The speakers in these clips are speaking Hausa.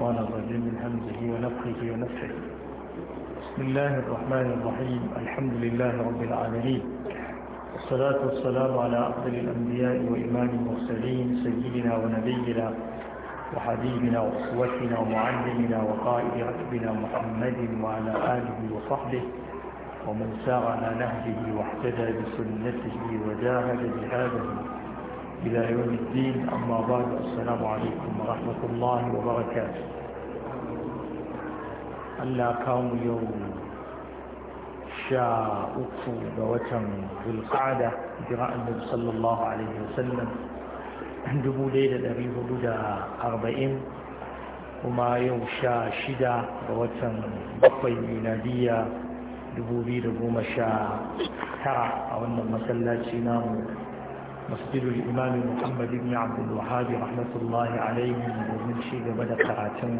الشيطان الرجيم من همزه ونفخه ونفخه بسم الله الرحمن الرحيم الحمد لله رب العالمين والصلاة والسلام على أفضل الأنبياء وإمام المرسلين سيدنا ونبينا وحبيبنا وأسوتنا ومعلمنا وقائد ركبنا محمد وعلى آله وصحبه ومن سار على نهجه واحتدى بسنته وجاهد جهاده إلى يوم الدين أما بعد السلام عليكم ورحمة الله وبركاته ألا كام يوم شاء أكفر وتم في القعدة جراء النبي صلى الله عليه وسلم عندما ليلة أبي هدودة أربعين وما يوم شاء شدة وتم بطي منادية دبو بير بومشا ترى أولا مسلاتي نامو مسجد الإمام محمد بن عبد الوهاب رحمة الله عليه من شيء بدأ كراتم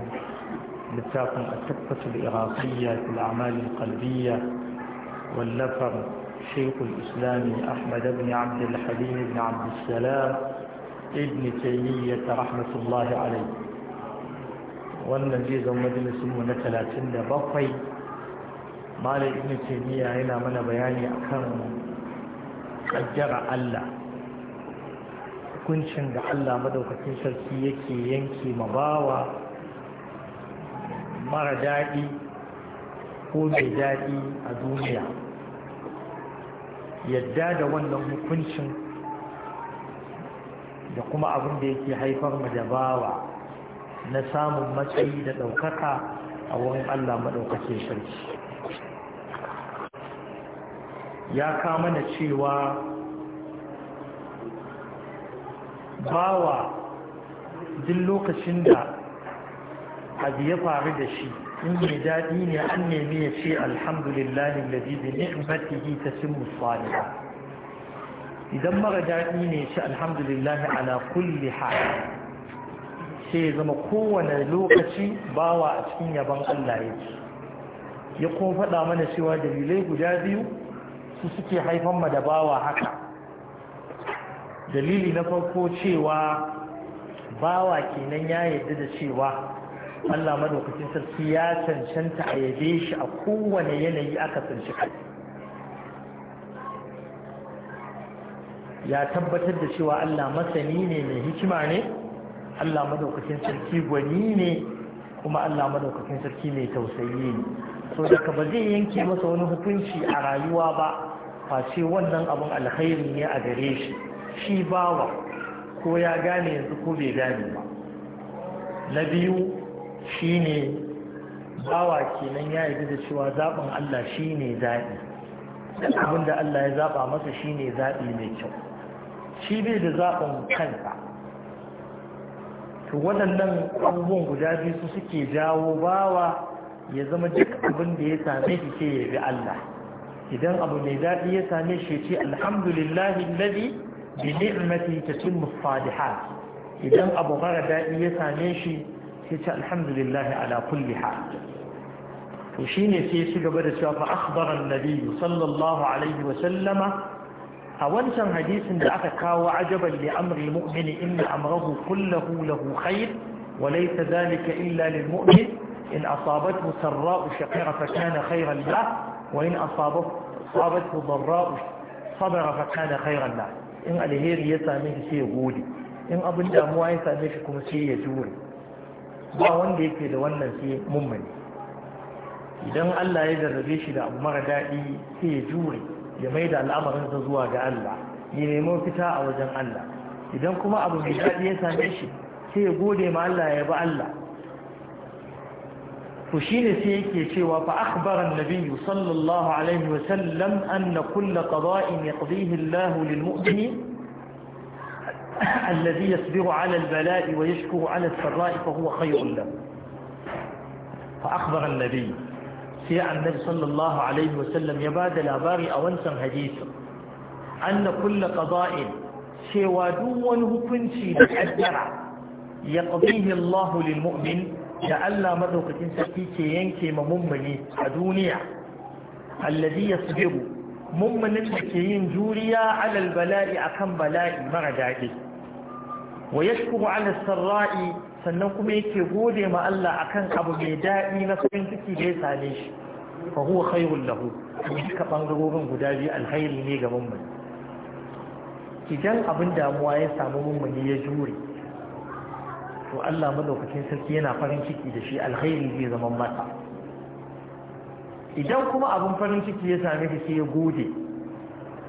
لتاق التكفة العراقية في الأعمال القلبية واللفر شيخ الإسلام أحمد بن عبد الحليم بن عبد السلام ابن تيمية رحمة الله عليه والنبي زم مجلس من بطي مالك ابن تيمية هنا من بياني أكرم قدر الله hukuncin da Allah madaukakin sarki yake yanke mabawa mara daɗi ko mai daɗi a duniya yadda da wannan hukuncin da kuma abin da yake haifar mu da bawa na samun matsayi da ɗaukaka a wurin Allah maɗaukakin sarki ya kama na cewa bawa duk lokacin da abu ya faru da shi in mai daɗi ne an nemi ya ce alhamdulillahi lalzi bi ni'matihi tatimmu salihah idan mara daɗi ne shi alhamdulillahi ala kulli hal sai ya zama kowane lokaci bawa a cikin yaban Allah yake ya kuma faɗa mana cewa dalilai guda biyu su suke haifan ma da bawa haka dalili na farko cewa bawa kenan ya yarda da cewa Allah madaukakin sarki ya cancanta a yabe shi a kowane yanayi aka tsinci kai ya tabbatar da cewa Allah masani ne mai hikima ne Allah madaukakin sarki gwani ne kuma Allah madaukakin sarki mai tausayi ne so daga ba zai yanke masa wani hukunci a rayuwa ba face wannan abun alkhairi ne a gare shi shi bawa ko ya gane yanzu ko bai gane ba na biyu ne bawa kenan ya yi da cewa zaɓin Allah shi ne zaɓi abin da Allah ya zaɓa masa shi ne zaɓi mai kyau shi bai da zaɓin kanta. to waɗannan abubuwan guda biyu su suke jawo bawa ya zama duk abin da ya same shi ke ya Allah idan abu mai daɗi ya same shi ce alhamdulillahi ladi بنعمتي تتم الصالحات إذا أبو غرباء يسانيشي يتع الحمد لله على كل حال وشين سيسي قبل أخبر النبي صلى الله عليه وسلم أولا حديث دعتك وعجبا لأمر المؤمن إن أمره كله له خير وليس ذلك إلا للمؤمن إن أصابته سراء شقيرة فكان خيرا له وإن أصابته ضراء صبر فكان خيرا له in alheri ya same shi sai ya gode in abin damuwa ya same shi kuma sai ya jure ba wanda yake da wannan sai mummuni idan Allah ya jarrabe shi da abu mara daɗi sai ya jure ya mai da al'amarinsa zuwa ga Allah ya nemo fita a wajen Allah idan kuma abu mai daɗi ya same shi sai ya gode ma Allah ya bi Allah to shine sai yake cewa fa akhbara an-nabiy sallallahu alaihi wa sallam anna kull qada'in yaqdihi Allah lil mu'min alladhi yasbiru ala al-bala'i wa yashkuru ala al-sarra'i fa huwa khayrun lahu fa akhbara an-nabiy sai annabi sallallahu alaihi wa sallam ya bada labari a wancan hadisi anna kull qada'in cewa duk wani hukunci da kaddara yaqdihi Allah lil mu'min da Allah madaukakin sarki ke yanke ma mummuni a duniya alladhi yasbiru mummunin da ke yin juriya alal bala'i akan bala'i mara daɗi wa yashkuru ala sarra'i sannan kuma yake gode ma Allah akan abu mai daɗi na farin ciki da ya same shi fa huwa khairul lahu duka bangarorin guda biyu alkhairi ne ga mummuni idan abin damuwa ya samu mummuni ya jure to Allah madaukakin sarki yana farin ciki da shi alkhairi zai zama masa idan kuma abin farin ciki ya same shi sai ya gode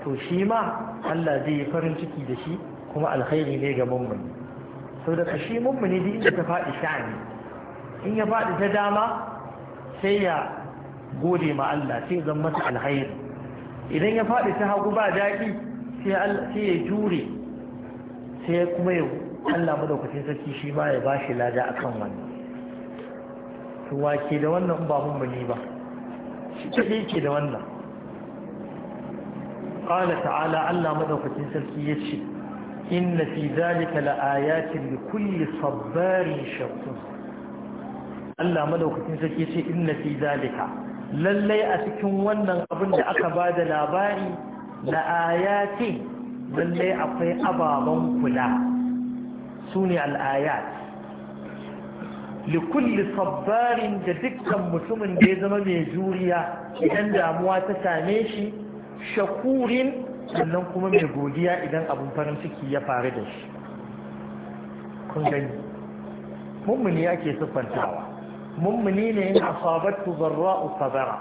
to shi ma Allah zai yi farin ciki da shi kuma alkhairi ne ga mummuni sau da shi mummuni duk inda ta faɗi sha'ani in ya faɗi ta dama sai ya gode ma Allah sai zan masa alkhairi idan ya faɗi ta hagu ba daɗi sai ya jure sai kuma ya Allah madaukakin sarki shi ba ya ba shi lada a kan wani ke da wannan ba mummuni ba shi kaɗai yake da wannan ƙala ta'ala Allah madaukakin sarki ya ce inna fi zalika la'ayatin li kulli sabbarin shakur Allah madaukakin sarki ya ce inna fi zalika lallai a cikin wannan abin da aka ba da labari la'ayatin lallai akwai ababen kula sune al'ayat likulli sabbarin da dukkan mutumin da ya zama mai juriya idan damuwa ta same shi shakurin sannan kuma mai godiya idan abin farin ciki ya faru da shi kun gani mummuni ake siffantawa mummuni ne in asabatu zarra'u sabara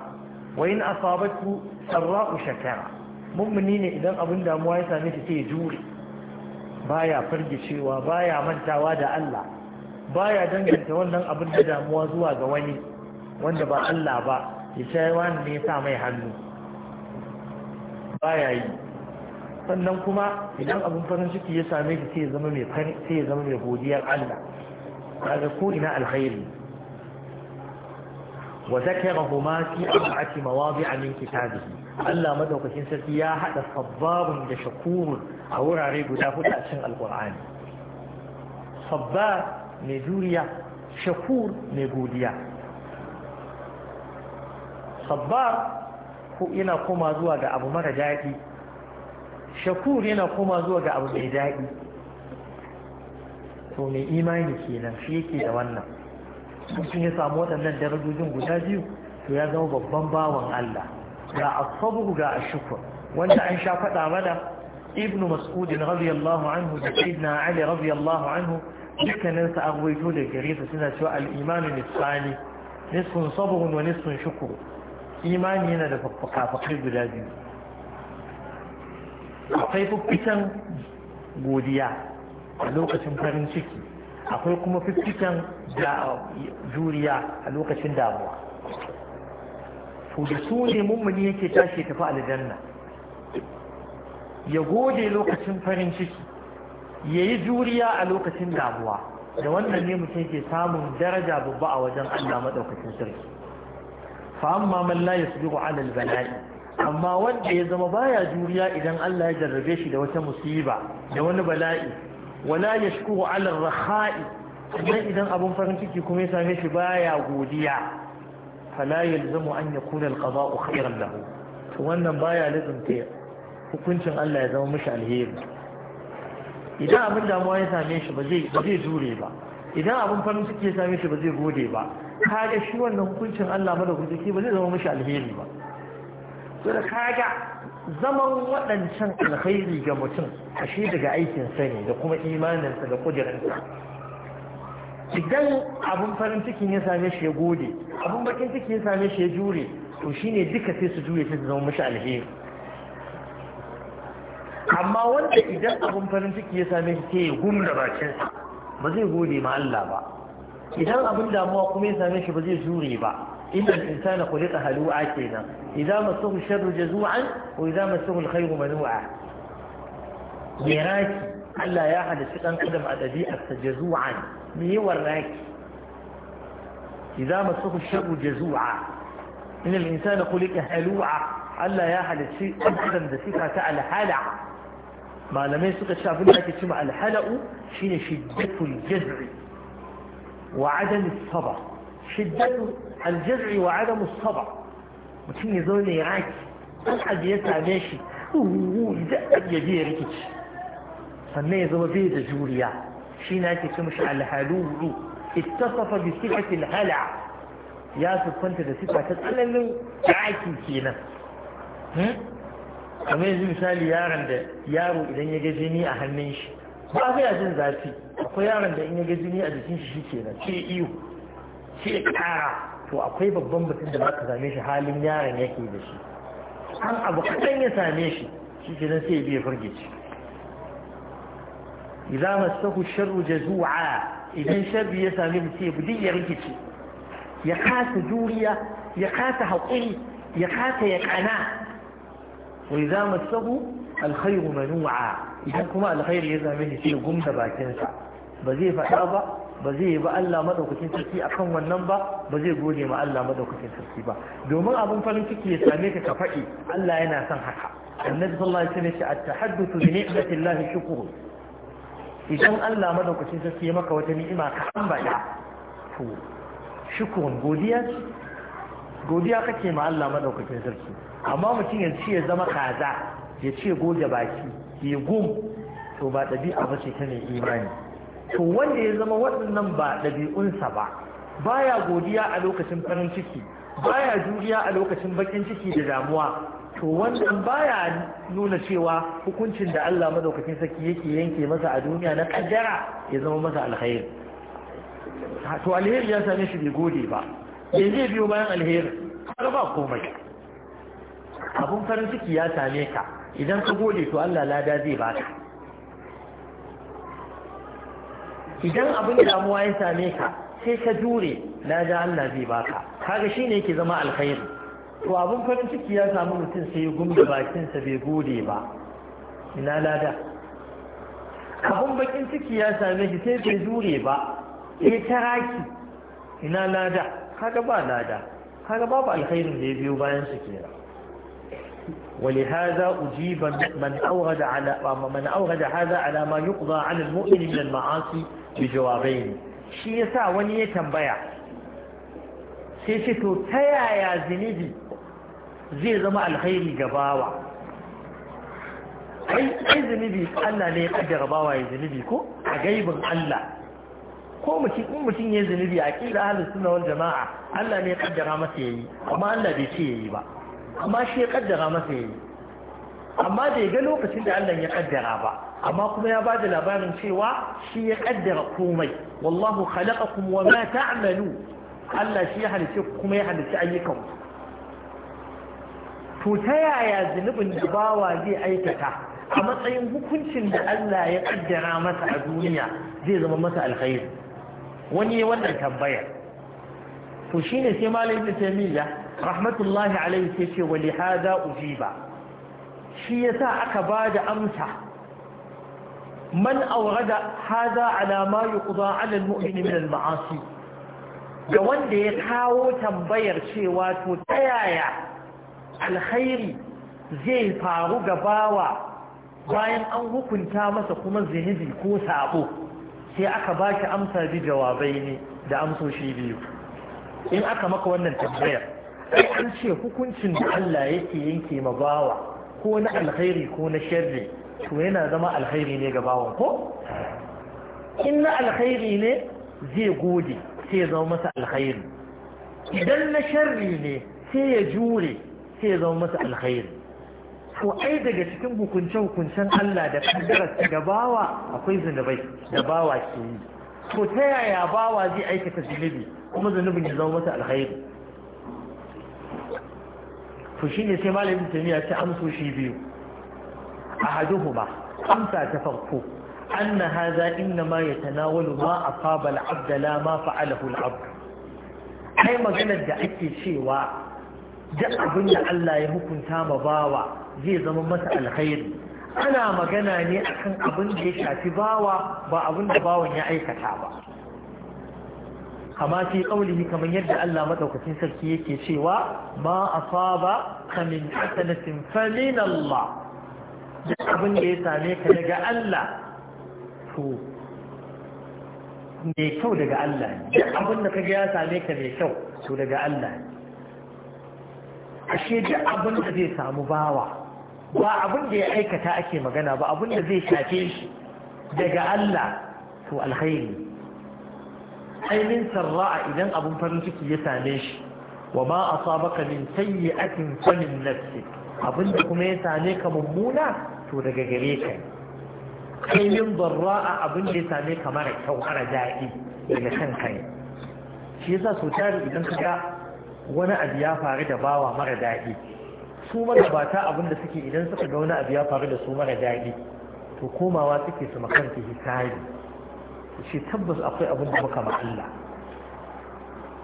wa in asabatu sarra'u shakara mummuni ne idan abin damuwa ya same shi sai ya jure baya fargicewa baya mantawa da Allah baya danganta wannan abin da damuwa zuwa ga wani wanda ba Allah ba ya ce wani ne ya sa mai hannu baya yi sannan kuma idan abin farin ciki ya same shi sai ya zama mai farin sai ya zama mai godiyar Allah kaga ko ina alkhairi wa zakarahu fi arba'ati mawadi'a min kitabihi Allah madaukakin sarki ya hada sabbabun da shakurun a wurare guda hudu a cikin alkur'ani sabbar mai juriya shakur mai godiya sabbar yana koma zuwa ga abu mara daɗi shakur yana koma zuwa ga abu mai daɗi to mai imani kenan shi yake da wannan sun ya samu waɗannan darajojin guda biyu to ya zama babban bawan Allah ga asabu ga ashukur wanda an sha faɗa mana ibn mas'ud radiyallahu anhu da sayyidina ali radiyallahu anhu dukkanin sa an waito da gare suna cewa al-iman nisfani nisfun wa nisfun shukr imani yana da fafafakai guda biyu akwai fiffitan godiya a lokacin farin ciki akwai kuma fiffitan juriya a lokacin damuwa to da su ne mummuni yake tashi tafi aljanna ya gode lokacin farin ciki ya yi juriya a lokacin damuwa da wannan ne mutum ke samun daraja babba a wajen Allah maɗaukacin sarki fa amma man la yasbiru ala balai amma wanda ya zama baya juriya idan Allah ya jarrabe shi da wata musiba da wani bala'i wala yashkuru ala ar-raha'i sannan idan abun farin ciki kuma ya same shi baya godiya fala yalzamu an yakuna al-qada'u khayran lahu wannan baya lazumta hukuncin Allah ya zama mishi alheri idan abin damuwa ya same shi ba zai jure ba idan abin farin ciki ya same shi ba zai gode ba kaga shi wannan hukuncin Allah mada guzuki ba zai zama mishi alheri ba to da kaga zaman waɗancan alheri ga mutum a shi daga aikinsa ne da kuma imaninsa da kudirinsa idan abin farin cikin ya same shi ya gode abin bakin ciki ya same shi ya jure to shine duka sai su juye sai su zama mishi alheri amma wanda idan abun farin ciki ya same shi sai ya gumda bakinsa ba zai gode ma Allah ba idan abin damuwa kuma ya same shi ba zai jure ba inda insana khuliqa halu'a kenan idan masahu sharru jazu'an wa idan masahu alkhairu manu'a yaraki Allah ya halitta dan adam a dabi'arsa jazu'an me yawar raki idan masahu sharru jazu'a inda insana khuliqa halu'a Allah ya halitta dan adam da sifa ta alhala ما لم يسوق الشافعي كتم على الحلق شين شدة الجزر وعدم الصبر شدة الجزر وعدم الصبر وكين يزول يراك أحد يسعى ماشي ويزأب يديرك فما يزول بيد جوريا شين كتم على الحلول اتصف بسكة الحلع يا سبحانه ده سيطة تتعلم عاكي كينا kamar yanzu misali yaron da yaro idan ya ga jini a hannun shi ba ga jin zafi akwai yaron da in ya ga jini a jikin shi kenan ce iyo ce kara to akwai babban mutum da ba ka same shi halin yaron yake da shi an abu kaɗan ya same shi shi ke nan sai ya farge firgici idan masahu sharru jazu'a idan sharri ya same shi ya bi ya rikici ya kasa juriya ya kasa hakuri ya kasa ya kana وإذا مسه الخير منوعا إذا كما الخير يزعم به في قم دباكنسا بزي فتابة بزي با الله مدوكتين سرسي أكم والنبا بزي قولي ما الله مدوكتين سرسي با دومن أبن فلنكي يساميك كفائي الله ينا سنحكا النبي صلى الله عليه وسلم التحدث بنعمة الله شكور إذا الله مدوكتين سرسي مكا وتنئما كحنبا شكور قوليات godiya kake ma Allah madaukakin sarki amma mutum ya ce ya zama kaza ya ce goge baki ya gum to ba ɗabi'a ba ce ta imani to wanda ya zama waɗannan ba ɗabi'unsa ba baya godiya a lokacin farin ciki baya juriya a lokacin bakin ciki da damuwa to wannan baya nuna cewa hukuncin da Allah madaukakin sarki yake yanke masa a duniya na kaddara ya zama masa alkhairi to alheri ya same shi bai gode ba ya zai biyo bayan alheri har ba komai abun farin ciki ya same ka idan ka gode to Allah lada zai baka idan abin damuwa ya same ka sai ka jure lada Allah zai baka kaga shine yake zama alherin to abun farin ciki ya samu mutum sai ya gumbe bakinsa bai gode ba ina lada abun bakin ciki ya same shi sai bai jure ba ya taraki ina lada kaga ba lada kaga babu alkhairin da ya biyo bayan su kenan ولهذا أجيب من أورد على من أورد هذا على ما يقضى عن المؤمن من المعاصي بجوابين شيء wani ya tambaya. sai ce to ta yaya zai zama alkhairi ga bawa ai zunubi Allah ne ya kaddara bawa ya zunubi ko a gaibin Allah ko mutum in mutum ya zunubi a kila halin sunna wal jama'a Allah ne ya kaddara masa yayi amma Allah bai ce yayi ba amma shi ya kaddara masa yayi amma bai ga lokacin da Allah ya kaddara ba amma kuma ya bada labarin cewa shi ya kaddara komai wallahu khalaqakum wa ma ta'malu Allah shi ya halice kuma ya halice ayyukan to ta yaya zunubin da bawa zai aikata a matsayin hukuncin da Allah ya kaddara masa a duniya zai zama masa alkhairi wani wannan tambayar to shine sai malam ibn taymiya rahmatullahi alaihi sai ce wa li hada ujiba shi yasa aka ba da amsa man awrada da ala ma yuqda ala almu'min min alma'asi ga wanda ya kawo tambayar cewa to ta yaya alkhairi zai faru ga bawa bayan an hukunta masa kuma zunubi ko sabo sai aka ba shi amsa bi jawabai ne da amsoshi biyu in aka maka wannan tambayar an ce hukuncin da Allah yake yanke ma bawa ko na alkhairi ko na sharri to yana zama alkhairi ne ga bawan ko in na alkhairi ne zai gode sai zama masa alkhairi idan na sharri ne sai ya jure sai ya zama masa alkhairi to ai daga cikin hukunce-hukuncen Allah da kaddarar ta bawa akwai zunubai da bawa ke yi to ta yaya bawa zai aikata zunubi kuma zunubin ya zama masa alhairi to ne sai malamin tamiya ta amso shi biyu ahaduhuma amsa ta farko Annahaza hadha innama yatanawalu ma asaba a fabal Abdala ma fa'alahu al ai maganar da ake cewa duk abin da Allah ya hukunta ma bawa zai zama masa alkhairi ana magana ne akan abin da ya shafi bawa ba abin da bawan ya aikata ba kama fi ƙaunihi kamar yadda Allah maɗaukacin sarki yake cewa ma asaba kamin hasanatin falin Allah duk abin da ya same ka daga Allah to me kyau daga Allah ne duk abin da kaga ya same ka me kyau to daga Allah ashe duk abin da zai samu bawa ba abin da ya aikata ake magana ba abin da zai shafe shi daga Allah to alkhairi ainin sarra'a idan abin farin ciki ya same shi wa ma asabaka min sayyi'atin fa min nafsi abin da kuma ya same ka mummuna to daga gare ka ainin barra'a abin da ya same ka mara kyau mara daɗi daga kan kai, shi yasa so idan ka ga wani abu ya faru da bawa mara daɗi su magabata abin da suke idan suka ga wani abu ya faru da su mara daɗi to komawa suke su makanta hisabi shi tabbas akwai abin da muka ma'alla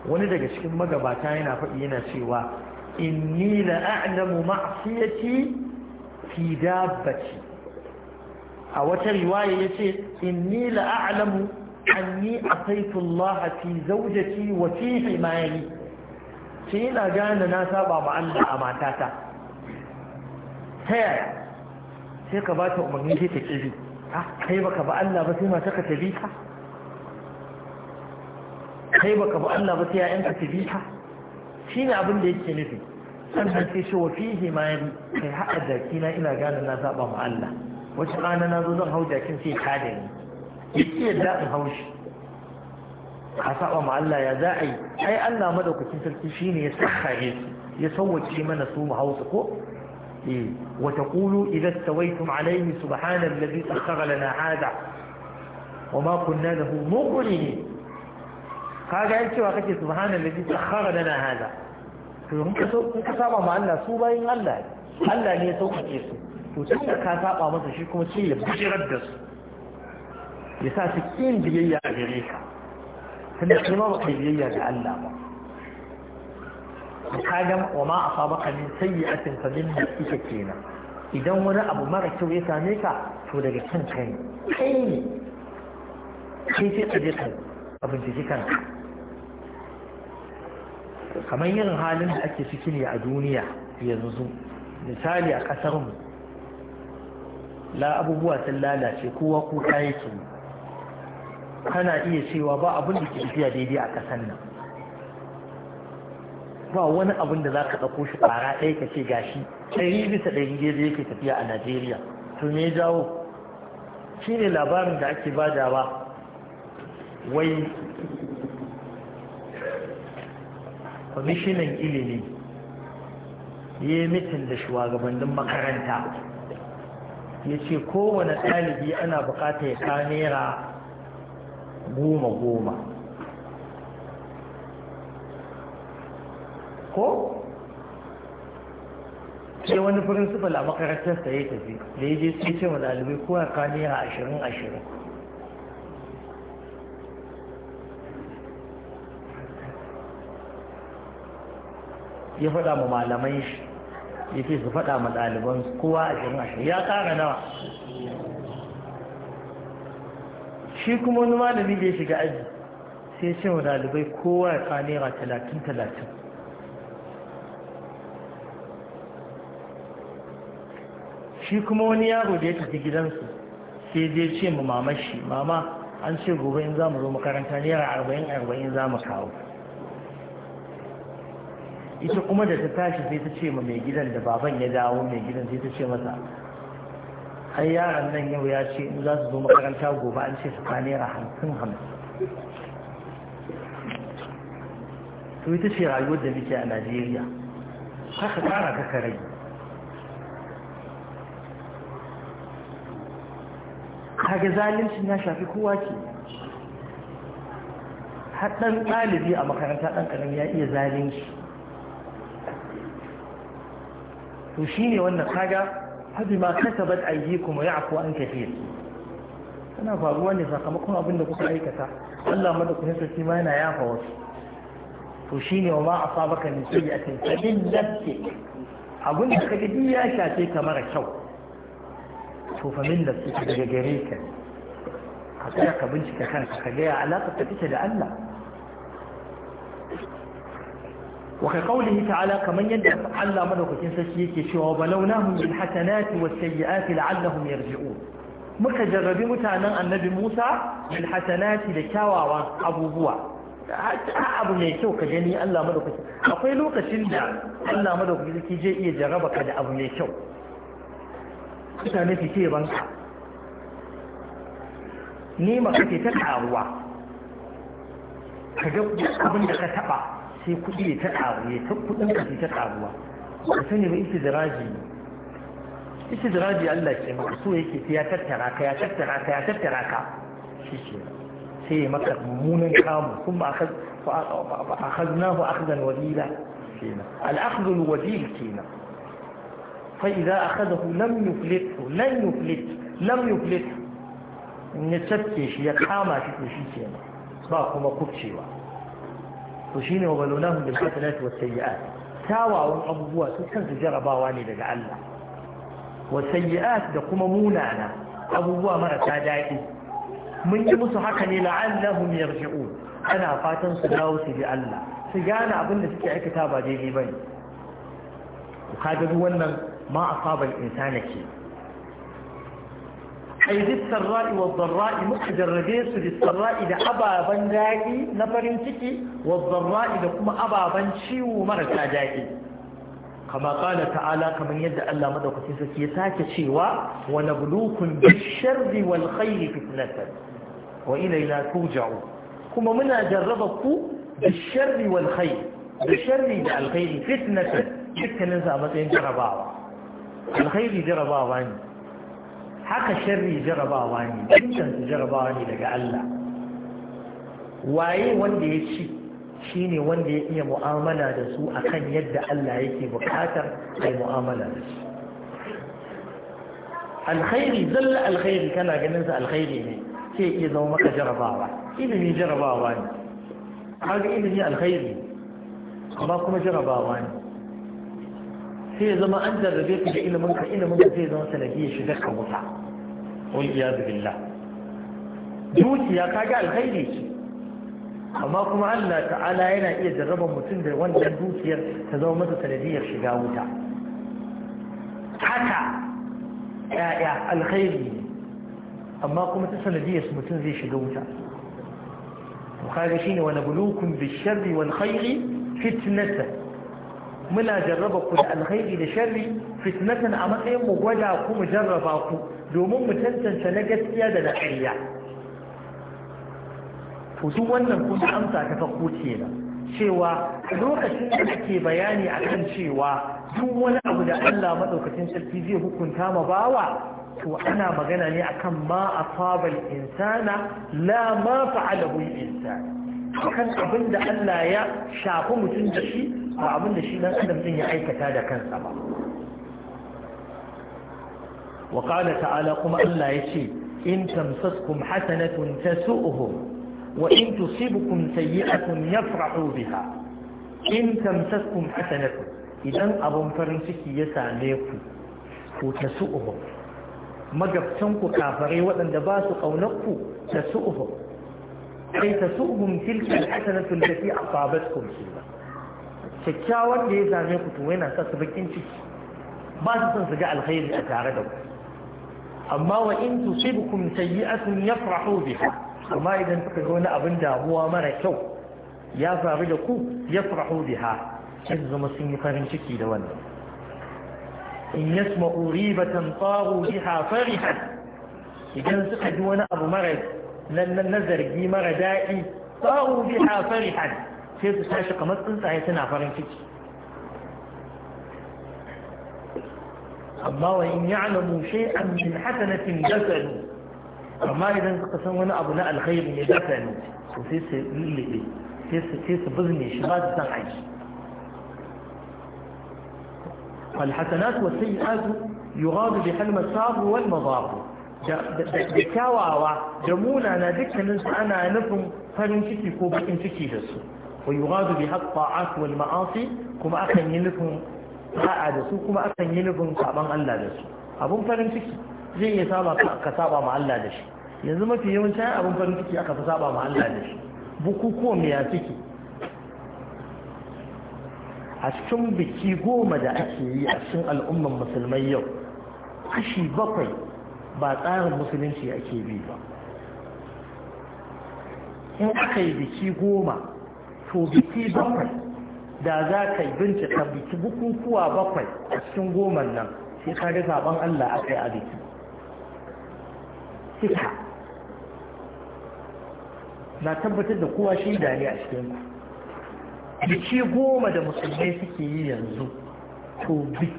wani daga cikin magabata yana faɗi yana cewa inni la a'lamu ma'siyati fi dabbati a wata riwaya yace inni la a'lamu anni asaitu Allah fi zawjati wa fi himayati sai ina gane na saba ma Allah a matata ta yaya sai ka ba ta umarni sai ta ƙi a kai baka ba Allah ba sai mata ka ta bi ka kai baka ba Allah ba sai ka ta bi ka shi ne abin da yake nufi sannan sai shi wa fihi ma yabi kai haɗa na ina gane na zaɓa ma Allah wacce rana na zo zan hau jakin sai ka da ni yake yadda in hau shi a saɓa ma Allah ya za a yi ai Allah madaukakin sarki ne ya saka ya sauwace mana su mu hausa ko وتقول إذا استويتم عليه سبحان الذي سخر لنا هذا وما كنا له مقرنين قال أنت وقت سبحان الذي سخر لنا هذا ka saba ma Allah su bayin Allah ne Allah ne ya sauƙaƙe su to tun da ka saba masa shi kuma sai ya bijirar da ya sa su kin biyayya a ka ba biyayya ga Allah kagan wa ma asabaka min sayyi'atin fa min nafsika kenan idan wani abu mara kyau ya same ka to daga kan kai ne kai sai ka je abin kamar yin halin da ake ciki ne a duniya yanzu misali a kasar mu la abubuwa sun lalace kowa kuka yake kana iya cewa ba abin da ke tafiya daidai a ƙasar nan ba wani abin da za ka ɗauko shi ƙara ɗaya ka ce gashi ɗari bisa ɗari gezi yake tafiya a najeriya to me jawo shi ne labarin da ake badawa wai kwamishinan ilimi ya yi mitin da shugabannin makaranta ya ce kowane ɗalibi ana bukata ya kamera naira goma goma ko sai wani principal a makarantar ta ya tafi da ya je sai ce wa dalibai kowa ka naira ashirin ashirin ya faɗa ma malamai shi ya ce su faɗa ma ɗaliban kowa ashirin ashirin ya ƙara nawa shi kuma wani malami da ya shiga aji sai ce wa dalibai kowa ya ka naira talatin talatin shi kuma wani yaro da ya tafi gidansu sai zai ce mu mamashi, shi mama an ce gobe in za mu zo makaranta naira arba'in arba'in za mu kawo ita kuma da ta tashi sai ta ce ma mai gidan da baban ya dawo mai gidan sai ta ce masa har yaran nan yau ya ce in za su zo makaranta gobe an ce su ka naira hamsin hamsin to ita ce rayuwar da muke a najeriya haka kara ka rage kage zalincin ya shafi kowa ke haɗin ɗalibi a makaranta ɗan ƙarami ya iya zalunci to shi ne wannan kaga haɗi ma kasa bad aiki kuma ya afuwa an kafe tana faruwa ne sakamakon abin da kuka aikata Allah madaukakin sarki ma yana yafa wasu to shine wa ma asabaka min sayyi'atin fa min nafsi abin da kaga duk ya shafe ka mara kyau tofamin da suke daga gare ka ka tsaya ka bincika kanka ka gaya alaƙar ta take da Allah wa ka kaulihi ta'ala kamar yadda Allah madaukakin sarki yake cewa balawnahum bil hasanati was sayyi'ati la'allahum yarji'un muka jarrabi mutanen annabi Musa bil hasanati da kyawawan abubuwa abu mai kyau ka gani Allah madaukaki akwai lokacin da Allah madaukaki zai iya jaraba ka da abu mai kyau mutane su ce banka ma kake ta karuwa ka ga abin da ka taɓa sai kuɗi ta karu ya ta kuɗin ka ta karuwa ka sani ba isi diraji ne isi diraji Allah ke maka so yake ya tattara ka ya tattara ka ya tattara ka shi ce sai ya maka mummunan kamu kuma a kazna ku akhzan wajila kenan al-akhdhu al-wajil kenan فإذا أخذه لم يفلته لن يفلت لم يفلت نتسكيش يقاما شكوشي كينا باكما كبشيوا وشيني وبلوناهم بالحسنات والسيئات تاوى أبوها سكن تجربا واني لك الله والسيئات دقما مونانا أبوها مرة تادائي من يمس حقني لعلهم يرجعون أنا فاتن سداوسي بألا سيانا أبن سكي عكتابا ديني بني وخادر wannan ma asaba al-insana ke ai duk sarra'i wa dharra'i jarrabe su da sarra'i da ababan daɗi na farin ciki wa dharra'i da kuma ababan ciwo marasa daɗi kama kala ta'ala kamar yadda Allah madaukakin sarki sake cewa wa nabluukum bish-sharri wal khayri fitnatan wa ilayna turja'u kuma muna jarraba ku bish-sharri da al fitnatan matsayin jarrabawa alkhairi jarabawa ne haka sharri jarabawa ne dukkan su jarabawa ne daga Allah waye wanda ya ci shine wanda ya iya mu'amala da su akan yadda Allah yake bukatar ai mu'amala da su alkhairi zalla alkhairi kana ganin su alkhairi ne sai iya zama maka jarabawa ilimi jarabawa ne kaga ilimi alkhairi amma kuma jarabawa ne sai ya zama an jarrabe ka da ilimin ka ilimin ka zai zama sanadiyar shiga ka wuta wani iya billah dukiya ka ga alkhairi ce amma kuma Allah ta'ala yana iya jarraba mutum da wannan dukiyar ta zama masa sanadiyar shiga wuta haka ya'ya alkhairi amma kuma ta sanadiyar mutum zai shiga wuta to kaga shine wani bulukun bisharri wal khairi fitnatan muna jarraba ku da alkhairi da sharri fitnatan a matsayin mu gwada ku mu jarraba ku domin mu tantance na gaskiya da na ƙarya to duk wannan kuma amsa ta farko kenan cewa lokacin da ake bayani akan cewa duk wani abu da Allah madaukakin sarki zai hukunta ma bawa to ana magana ne akan ma asaba insana la ma fa'alahu al-insan kan abin da Allah ya shafi mutum da shi ba abin da shi dan adam din ya aikata da kansa ba wa qala ta'ala kuma Allah yace in tamsaskum hasanatun tasu'uhum wa in tusibukum sayyi'atun yafrahu biha in tamsaskum hasanatun idan abun farin ciki ya same ku ku tasu'uhum magabtan ku kafare waɗanda ba su kaunar ku tasu'uhum kai tasu'uhum tilka alhasanatu allati asabatkum sayyi'a kyakkyawan da ya zame ku to yana sa su bakin ciki ba su son su ga alkhairi a tare da ku amma wa in tusibukum sayyi'atun yafrahu biha amma idan suka ga wani abin damuwa mara kyau ya faru da ku yafrahu biha sai su zama sun yi farin ciki da wannan in yasma'u ribatan taru biha farihan idan suka ji wani abu mara nan na zargi mara daɗi taru biha farihan sai su tashi kamar tsuntsaye suna farin ciki amma wa in ya'lamu shay'an min hasanatin dasalu amma idan suka san wani abu na alkhairi ne dasalu to sai su lullube sai su sai su bizne shi ba su san aiki الحسنات والسيئات يغاد بحلم الصاب والمضار da kyawawa da munana dukkaninsu ana nufin farin ciki ko bakin ciki da su ويغاد بها الطاعات والمعاصي كما أكن يلفهم قاعدة سو كما أكن يلفهم صعبان ألا دسو أبون فرن تكي زي يسابع كسابع مع ألا دش ينزم في يوم شاء أبون فرن تكي أكا فسابع مع ألا دش بكوكو مياتكي a بكي قوم دعكي da الأمم المسلمية أشي بطي al'umman musulmai yau kashi bakwai ba tsarin musulunci ake bi to biki bakwai da za ka yi bincika biki bukukuwa bakwai a cikin goman nan sai ka ga zaben Allah a kai a biki sika na tabbatar da kowa shi dare a cikin biki goma da musulmai suke yi yanzu to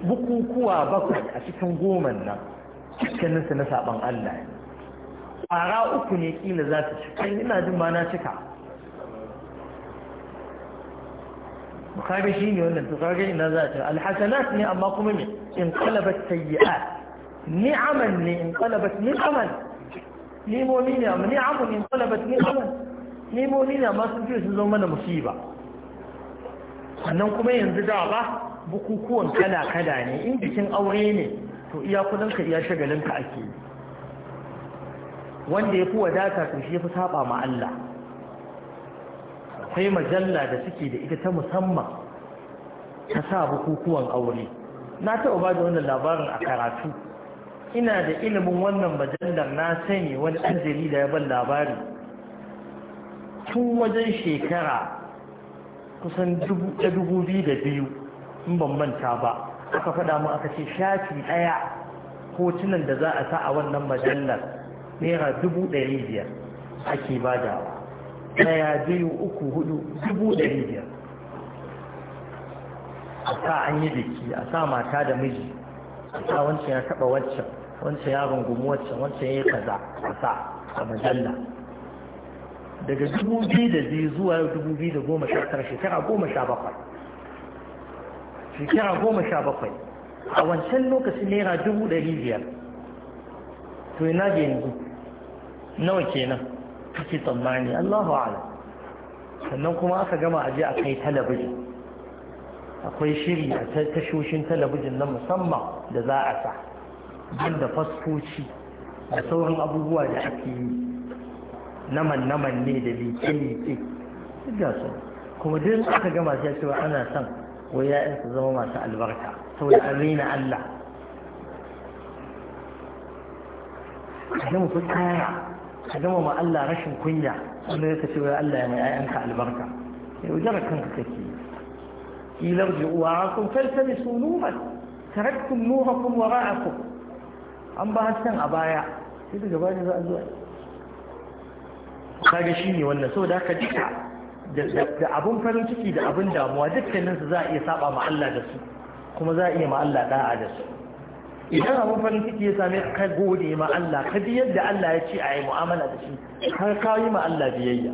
bukukuwa bakwai a cikin goman nan cikin na saban Allah ne ƙwara uku ne ƙila za su ci kan ina jin ma na cika kaga shi ne wannan to kaga ina za a ta alhasanat ne amma kuma ne in qalabat sayyi'at ni'aman ne in qalabat ni'aman nimomi ne amma ni'amun in qalabat ni'aman nimomi ne amma sun fiye sun zo mana musiba sannan kuma yanzu da ba bukukuwan kala-kala ne in bikin aure ne to iya kudinka iya shagalinka ake yi wanda ya fi wadata to shi ya fi saba ma Allah akwai majalla da suke da ita ta musamman ta sa bukukuwan aure na taɓa ba da wannan labarin a karatu ina da ilimin wannan majallar na sani wani ɗan jarida ya ban labari tun wajen shekara kusan biyu in ban manta ba aka faɗa mu aka ce shafi ɗaya hotunan da za a sa a wannan majallar naira biyar ake badawa daya biyu uku hudu dubu ɗari biyar a sa an yi biki a sa mata da miji a sa wancan ya taɓa wancan wancan ya rungumi wancan wancan ya kaza a sa a majalla daga dubu biyu da biyu zuwa dubu biyu da goma sha tara shekara goma sha bakwai shekara goma sha bakwai a wancan lokaci naira dubu ɗari biyar to ina da yanzu nawa kenan kake tsammani Allahu sannan kuma aka gama aje a kai talabijin akwai shiri a tashoshin talabijin na musamman da za a sa da fasfoci da sauran abubuwa da ake yi naman-naman ne da leke-leke, liƙe ga su kuma duk aka gama sai cewa ana son wai ya'yan su zama masu albarka saboda an rena Allah idan ku tsara ka gama ma Allah rashin kunya wanda ka ce wai Allah ya mai ayyanka albarka sai wajen kanka kake قيل kun falsafi فالتمسوا نورا تركتم نوركم وراءكم an ba hasken a baya sai daga baya za a zuwa kaga shi ne wannan saboda haka duka da abun farin ciki da abun damuwa dukkaninsu za a iya saba ma Allah da su kuma za a iya ma Allah da'a da su idan abin farin ciki ya same ka gode ma Allah ka bi yadda Allah ya ce a yi mu'amala da shi har ka yi ma Allah biyayya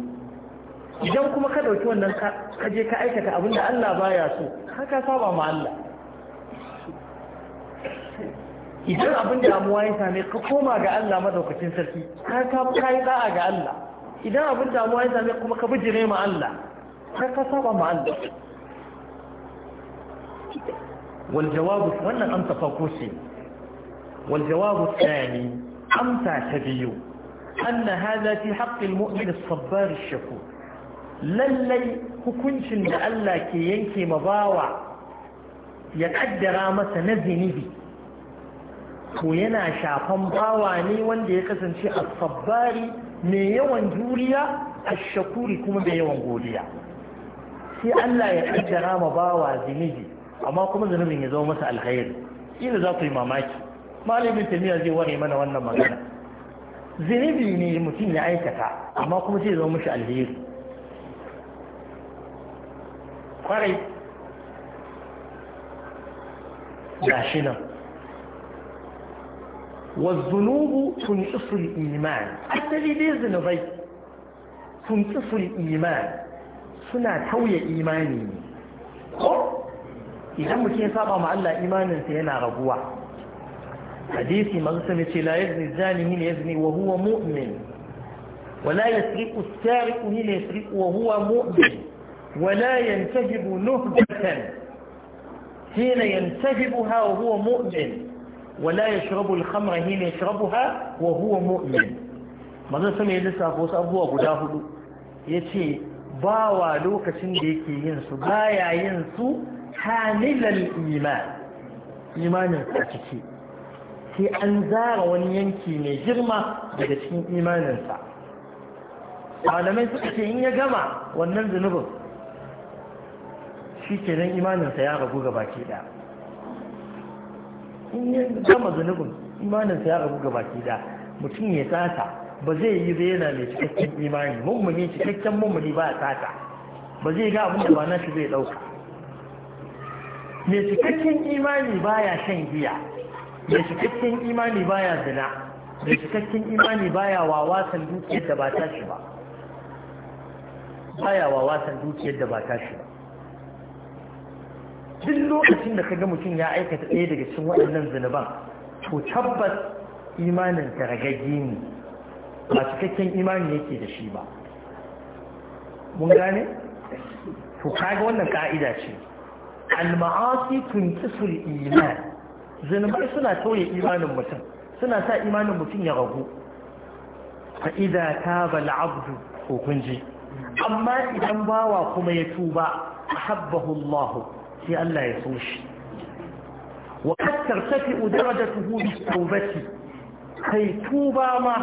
idan kuma ka ɗauki wannan ka je ka aikata abin da Allah baya so har ka saba ma Allah idan abin amuwa ya same ka koma ga Allah madaukakin sarki har ka yi da'a ga Allah idan abin amuwa ya same kuma ka bijire ma Allah har ka saba ma Allah wal jawabu wannan amsa farko والجواب الثاني أمتى تبيو أن هذا في حق المؤمن الصبار الشكور للي هكونش لألا كي ينكي مضاوع يقدر مس نزنبي وينا شافن wanda ya kasance شيء الصباري mai yawan juriya a shakuri kuma mai yawan godiya sai Allah ya kaddara ma bawa zinibi amma kuma zinibin ya zama masa alkhairi ina za yi mamaki malamin tamiya zai ware mana wannan magana zunubi ne mutum ya aikata amma kuma zai zama mashi alheri kwarai ga shi nan Wa zunubu iman. تنقص الإيمان dai zunubai. sun tsufuri iman. suna tauye imani ne idan mutum ya saba ma Allah imaninsa yana raguwa hadisi manzo ne ce la yazni zani hin yazni wa huwa mu'min ولا يسرق السارق هنا wa وهو مؤمن ولا ينتهب نهبة حين ينتهبها وهو مؤمن ولا يشرب الخمر حين يشربها وهو مؤمن manzon sama ya lissafa wasu abubuwa guda hudu yace ba wa lokacin da yake yin su baya yin su hamilar iman imanin a ciki sai an zara wani yanki mai girma daga cikin imaninsa malamai suka ce in ya gama wannan zunubin shi ke nan imaninsa ya ragu ga baki da in ya gama zunubin imaninsa ya ragu ga baki da mutum ya sata ba zai yi zai yana mai cikakken imani mummuni cikakken mummuni ba a sata ba zai ga abin da ba na shi zai ɗauka mai cikakken imani ba ya shan giya mai cikakken imani baya zina mai cikakken imani baya wa wasan dukiyar da ba ta shi ba baya wa wasan dukiyar da ba ta shi ba duk lokacin da kaga mutum ya aikata ɗaya daga cikin waɗannan zunuban to tabbas imanin ragagge ne ba cikakken imani yake da shi ba mun gane to kaga wannan ka'ida ce al-ma'asi tunqisul iman zunubai suna tauye imanin mutum suna sa imanin mutum ya ragu fa idza taba al-abdu ko amma idan bawa kuma ya tuba ahabbahu Allah sai Allah ya so shi wa kad tartafi darajatuhu bi tawbati kai tuba ma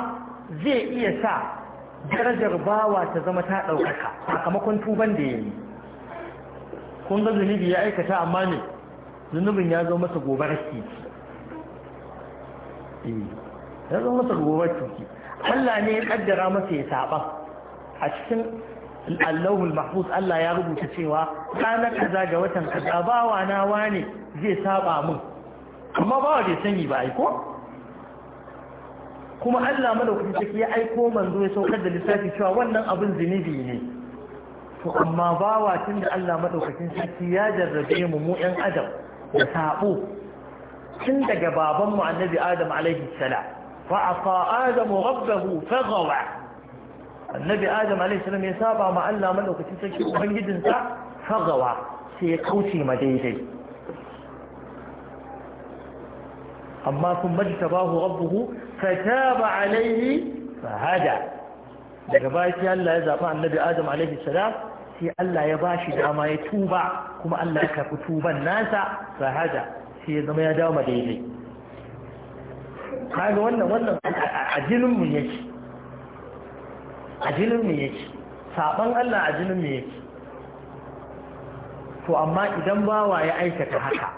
zai iya sa darajar bawa ta zama ta ɗaukaka sakamakon tuban da yayi kun ga zunubi ya aikata amma ne zunubin ya zo masa gobar kiki eh, ya zo masa gobar kiki Allah ne ya kaddara masa ya saba a cikin allahul mahfuz Allah ya rubuta cewa kana kaza ga watan kaza bawa na wane zai saba mun amma bawa bai sani ba aiko kuma Allah madaukakin take ya aiko manzo ya saukar da lissafi cewa wannan abin zinubi ne to amma bawa tunda Allah madaukakin sarki ya jarrabe mu mu ɗan adam da sabo tun daga babanmu annabi adam alaihi salam fa aqa adamu rabbahu faghawa annabi adam alaihi salam ya saba ma Allah madaukakin sarki ubangijinsa faghawa sai ya kauce ma daidai amma sun kun majtabahu rabbuhu fataba alaihi fahada daga baya sai Allah ya zaba annabi adam alaihi salam sai Allah ya bashi dama ya tuba kuma Allah ya karɓi tuban nasa sahaja sai ya zama ya dawo ma daidai kaga wannan wannan a jinin mu yake a jinin mu yake saban Allah a jinin mu yake to amma idan bawa ya aikata haka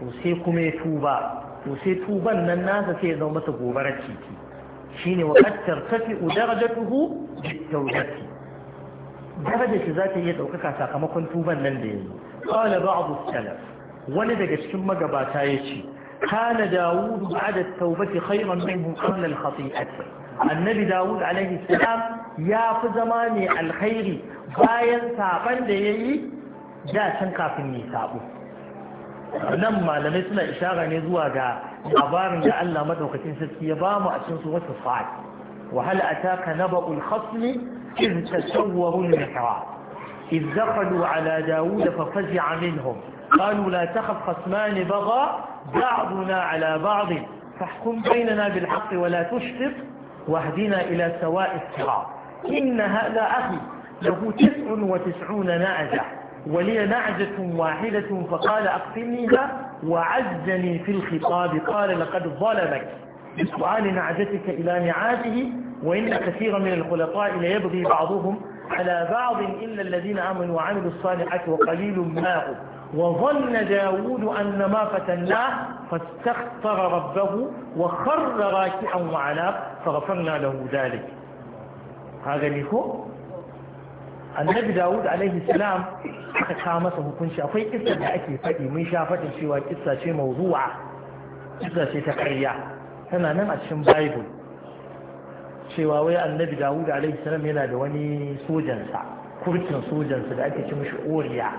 to sai kuma ya tuba to sai tuban nan nasa sai ya zama masa gobarar ciki shine wa qad tartafi darajatuhu bit tawbati darajar shi za ta iya ɗaukaka sakamakon tuban nan da ya yi ƙwale ba'adu salaf wani daga cikin magabata ya ce kana dawud ba'da taubati khayran minhu qabla al annabi dawud alaihi salam ya fi zama ne alkhairi bayan saban da yayi da can kafin ne sabo nan malamai suna ishara ne zuwa ga labarin da Allah madaukakin sarki ya bamu a cikin su wata sa'a wa hal ataka naba'ul khasmi إذ تسوروا المحراب إذ دخلوا على داود ففزع منهم قالوا لا تخف خصمان بغى بعضنا على بعض فاحكم بيننا بالحق ولا تشفق واهدنا إلى سواء الصراط إن هذا أخي له تسع وتسعون نعجة ولي نعجة واحدة فقال أقسمنيها وعزني في الخطاب قال لقد ظلمك بسؤال نعجتك إلى نعاته وإن كثيرا من الخلطاء ليبغي بعضهم على بعض إلا الذين آمنوا وعملوا الصالحات وقليل ما وظن داود أن ما فتناه فاستغفر ربه وخر راكعا وعناب فغفرنا له ذلك هذا لكم annabi النبي alaihi عليه السلام kawo masa hukunci akwai kissa da ake faɗi mun sha faɗin cewa kissa ce tana nan a cikin bible cewa wai annabi dawud alaihi salam yana da wani sojansa kurkin sojansa da ake ce mishi oriya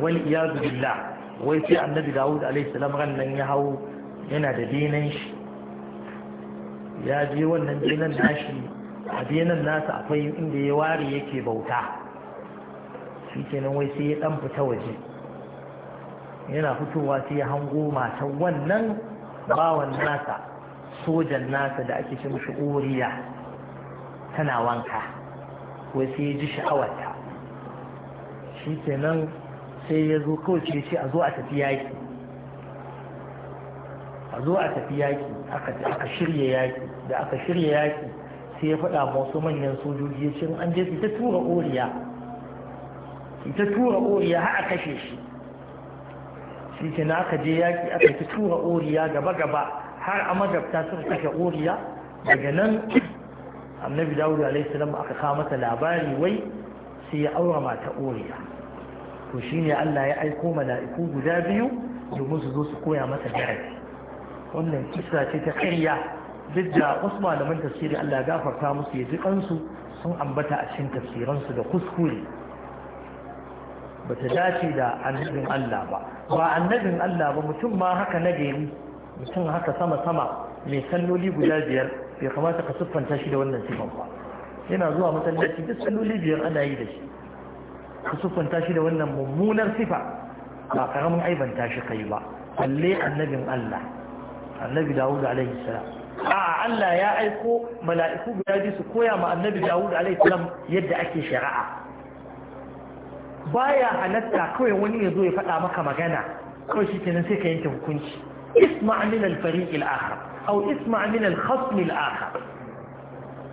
Wani iyazu billah wai sai annabi dawud alaihi salam nan ya hau yana da dinan shi ya je wannan dinan nashi a dinan nasa akwai inda ya ware yake bauta shi kenan wai sai ya dan fita waje yana fitowa sai ya hango matan wannan bawan nasa sojan nasa da ake ce mishi tana wanka wai sai ya ji sha'awarta shi kenan sai ya zo kawai ce ce a zo a tafi yaki a zo a tafi yaki aka shirya yaki da aka shirya yaki sai ya faɗa wasu manyan sojoji ya ce an je ta tura oriya ita tura oriya har a kashe shi shi ke na aka je yaƙi aka fi tura oriya gaba-gaba har a magabta suka kashe oriya daga nan annabi dawud alaihissalam aka kawo mata labari wai sai ya aura mata oriya to shine allah ya aiko mala'iku guda biyu domin su zo su koya masa darasi wannan kisa ce ta karya duk da wasu malaman tafsiri allah gafarta musu ya ji kansu sun ambata a cikin tafsiransu da kuskure Ba bata dace da annabin Allah ba ba annabin Allah ba mutum ma haka na gari mutum haka sama sama mai sannoli guda biyar bai kamata ka siffanta shi da wannan sifan ba yana zuwa masallaci duk salloli biyar ana yi da shi ka siffanta shi da wannan mummunar sifa ba karamin aibanta shi kai ba balle annabin Allah annabi Dawud alaihi salam a'a Allah ya aiko mala'iku guda biyu su koya ma annabi Dawud alaihi salam yadda ake shari'a baya halatta kawai wani ya zo ya faɗa maka magana kawai shi kenan sai ka yanke hukunci isma min al-fariq al-akhar aw isma min al-khasm al-akhar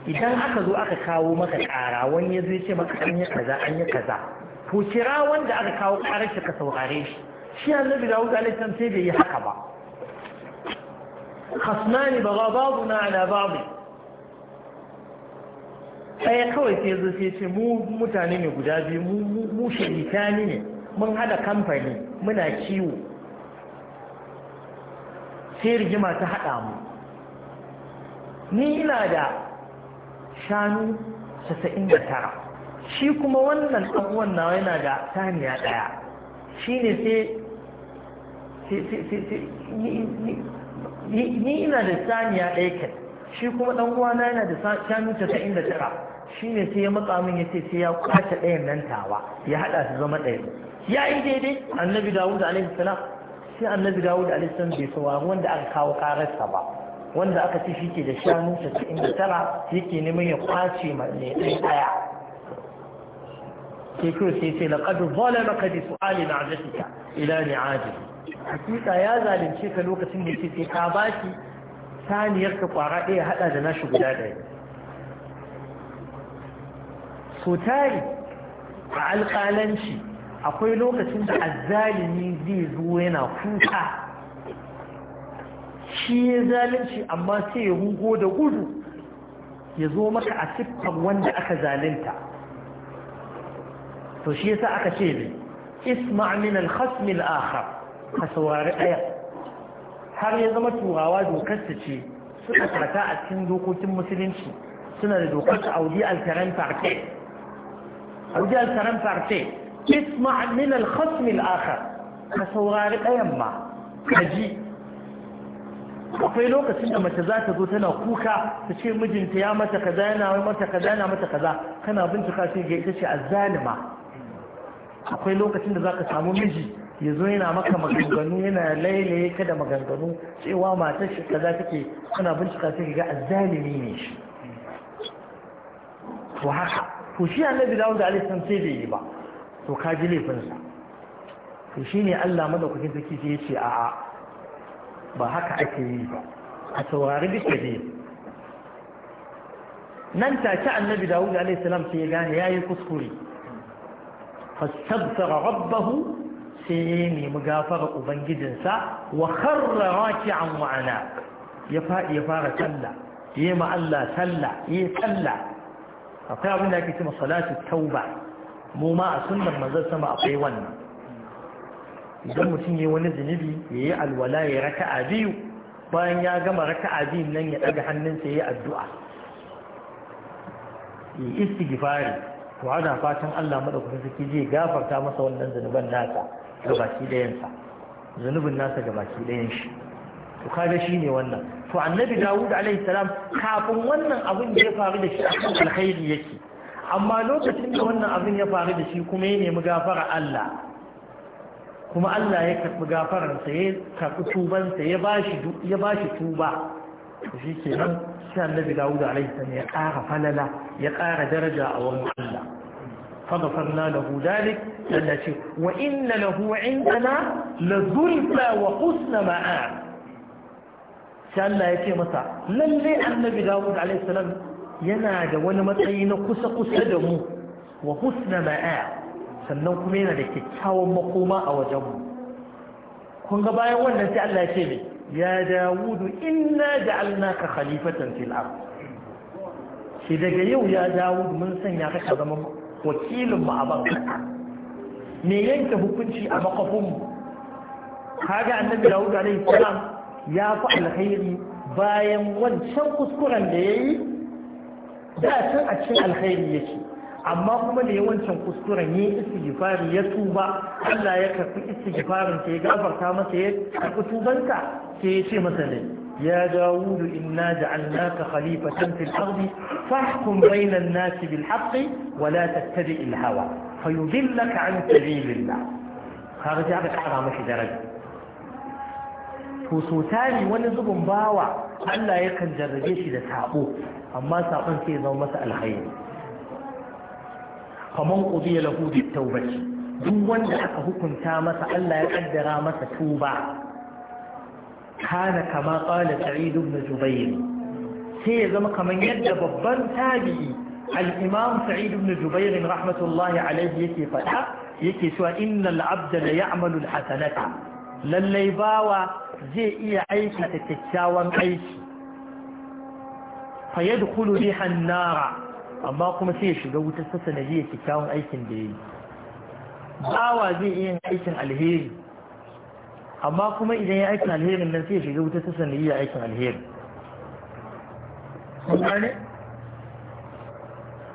idan aka zo aka kawo maka ƙara wani ya zai ce maka an yi kaza an yi kaza to kira wanda aka kawo ƙarar shi ka saurare shi shi annabi dawud alaihi sai bai yi haka ba khasmani bagabaduna ala ba'd ɗaya kawai sai zo sai ce mu mutane ne guda biyu mu shirikani ne mun hada kamfani muna kiwo sai rigima ta haɗa mu ni ina da shanu casa'in da tara shi kuma wannan ɗan'uwan na yana da saniya ɗaya shi ne sai ni ina da saniya daya kai shi kuma dan uwana yana da shanu 99 ne sai ya matsa min yace sai ya kwace ɗayan nan tawa ya hada su zama ɗaya ya yi daidai annabi dawud alaihi salam sai annabi dawud alaihi salam bai saurari wanda aka kawo kararsa ba wanda aka ce shi ke da shanu 99 yake neman ya kwace mai ɗaya sai kawai sai sai laqad zalamaka bi su'ali na'jatika ila ni'ajihi hakika ya zalunce ka lokacin da yake sai ka bashi saniyar ka kwara ɗaya haɗa da nashi guda ɗaya Sotari a alƙalanci akwai lokacin da azzalimi zai zo yana kuka shi ya zalunci amma sai ya hugo da gudu ya zo maka a siffar wanda aka zalunta to shi yasa aka ce ne isma' min akhar ka saurari ɗaya har ya zama turawa dokarsa ce suka karta a cikin dokokin musulunci suna da dokar ta audi alkaran farte audi alkaran farte isma min al-khasm al-akhar ka saurari ɗayan ma ka ji akwai lokacin da mace za ta zo tana kuka ta ce mijinta ya mata kaza yana mata kaza yana mata kaza kana bincika sai ga ita ce azzalima akwai lokacin da za ka samu miji ya zo yana maka maganganu yana lailaye ka da maganganu cewa matar shi kaza take kana bincika sai ga azzalimi ne shi to haka to shi annabi dawud alaihi salam sai bai yi ba to ka ji laifin sa to shine Allah madaukakin sarki sai yace ce a'a ba haka ake yi ba a saurari bisa ne nan take annabi dawud alaihi salam sai ya gane yayi kuskure fastaghfara rabbahu sai ya nemi gafara ubangijinsa wa kharra raki'an wa ana ya fadi ya fara sallah yayi ma Allah sallah yayi sallah akwai abin da ake cewa salatu tauba mu ma a sunan manzon sama akwai wannan idan mutum yayi wani zunubi yayi alwala ya raka'a biyu bayan ya gama raka'a biyun nan ya daga hannunsa ya yi addu'a yi istighfari to ana fatan Allah madaukakin sarki zai gafarta masa wannan zanuban nasa gabaki ɗayansa zunubin nasa gabaki ɗayan shi to kaga shi ne wannan to annabi dawud alaihi salam kafin wannan abin ya faru da shi a kan alkhairi yake amma lokacin da wannan abin ya faru da shi kuma ya nemi gafara Allah kuma Allah ya karɓi gafararsa ya karɓi tubansa ya bashi ya bashi tuba to shi kenan sai annabi dawud alaihi salam ya ƙara falala ya ƙara daraja a wurin Allah فَغَفَرْنَا na ذَلِكَ لَنَا شِيْءٍ وَإِنَّ لَهُ عِنْدَنَا لَذُلْتَ وَقُسْنَ مَعَا Allah ya ce mata, lalle annabi Dawud a.s. yana da wani matsayi na kusa-kusa da mu wa husna ma'a sannan kuma yana da kyakkyawan makoma a wajenmu. Kun ga bayan wannan sai Allah ya ce ne, ya Dawudu inna da alna ka khalifatan fil'ar. Shi daga yau ya Dawudu mun sanya ka zama wakilinmu a makaka me yanke hukunci a makafinmu kaga annabi dawud alaihi salam ya fi alkhairi bayan wancan kuskuren da yayi da can a cikin alkhairi yake amma kuma da yawancin kuskuren yi istighfari ya tuba Allah ya karfi istighfarin sai ya gafarta masa ya karfi tubanka sai ya ce masa ne يا داود إنا جعلناك خليفة في الأرض فاحكم بين الناس بالحق ولا تتبع الهوى فيضلك عن سبيل الله هذا جاب الحرام في درجة وسوتاني ونزب باوع ألا يكن جرجيش إذا تعبوه أما ساقن في ذو مسأل خير فمن قضي له بالتوبة دون أكهكم تامس ألا يقدر مس توبة kana kama qala sa'id ibn jubayr sai ya zama kamar yadda babban tabi'i al-imam sa'id ibn jubayr rahmatullahi alaihi yake faɗa yake cewa inna abda la ya'malu amalu hasanata lallai bawa zai iya aikata kyakkyawan aiki fa yadkhulu biha hannara amma kuma sai ya shiga wutar sassa na kyakkyawan aikin da yayi bawa zai iya aikin alheri amma kuma idan ya aikin alherin nan sai shiga wuta ta sanayi ya aikin alherin kuma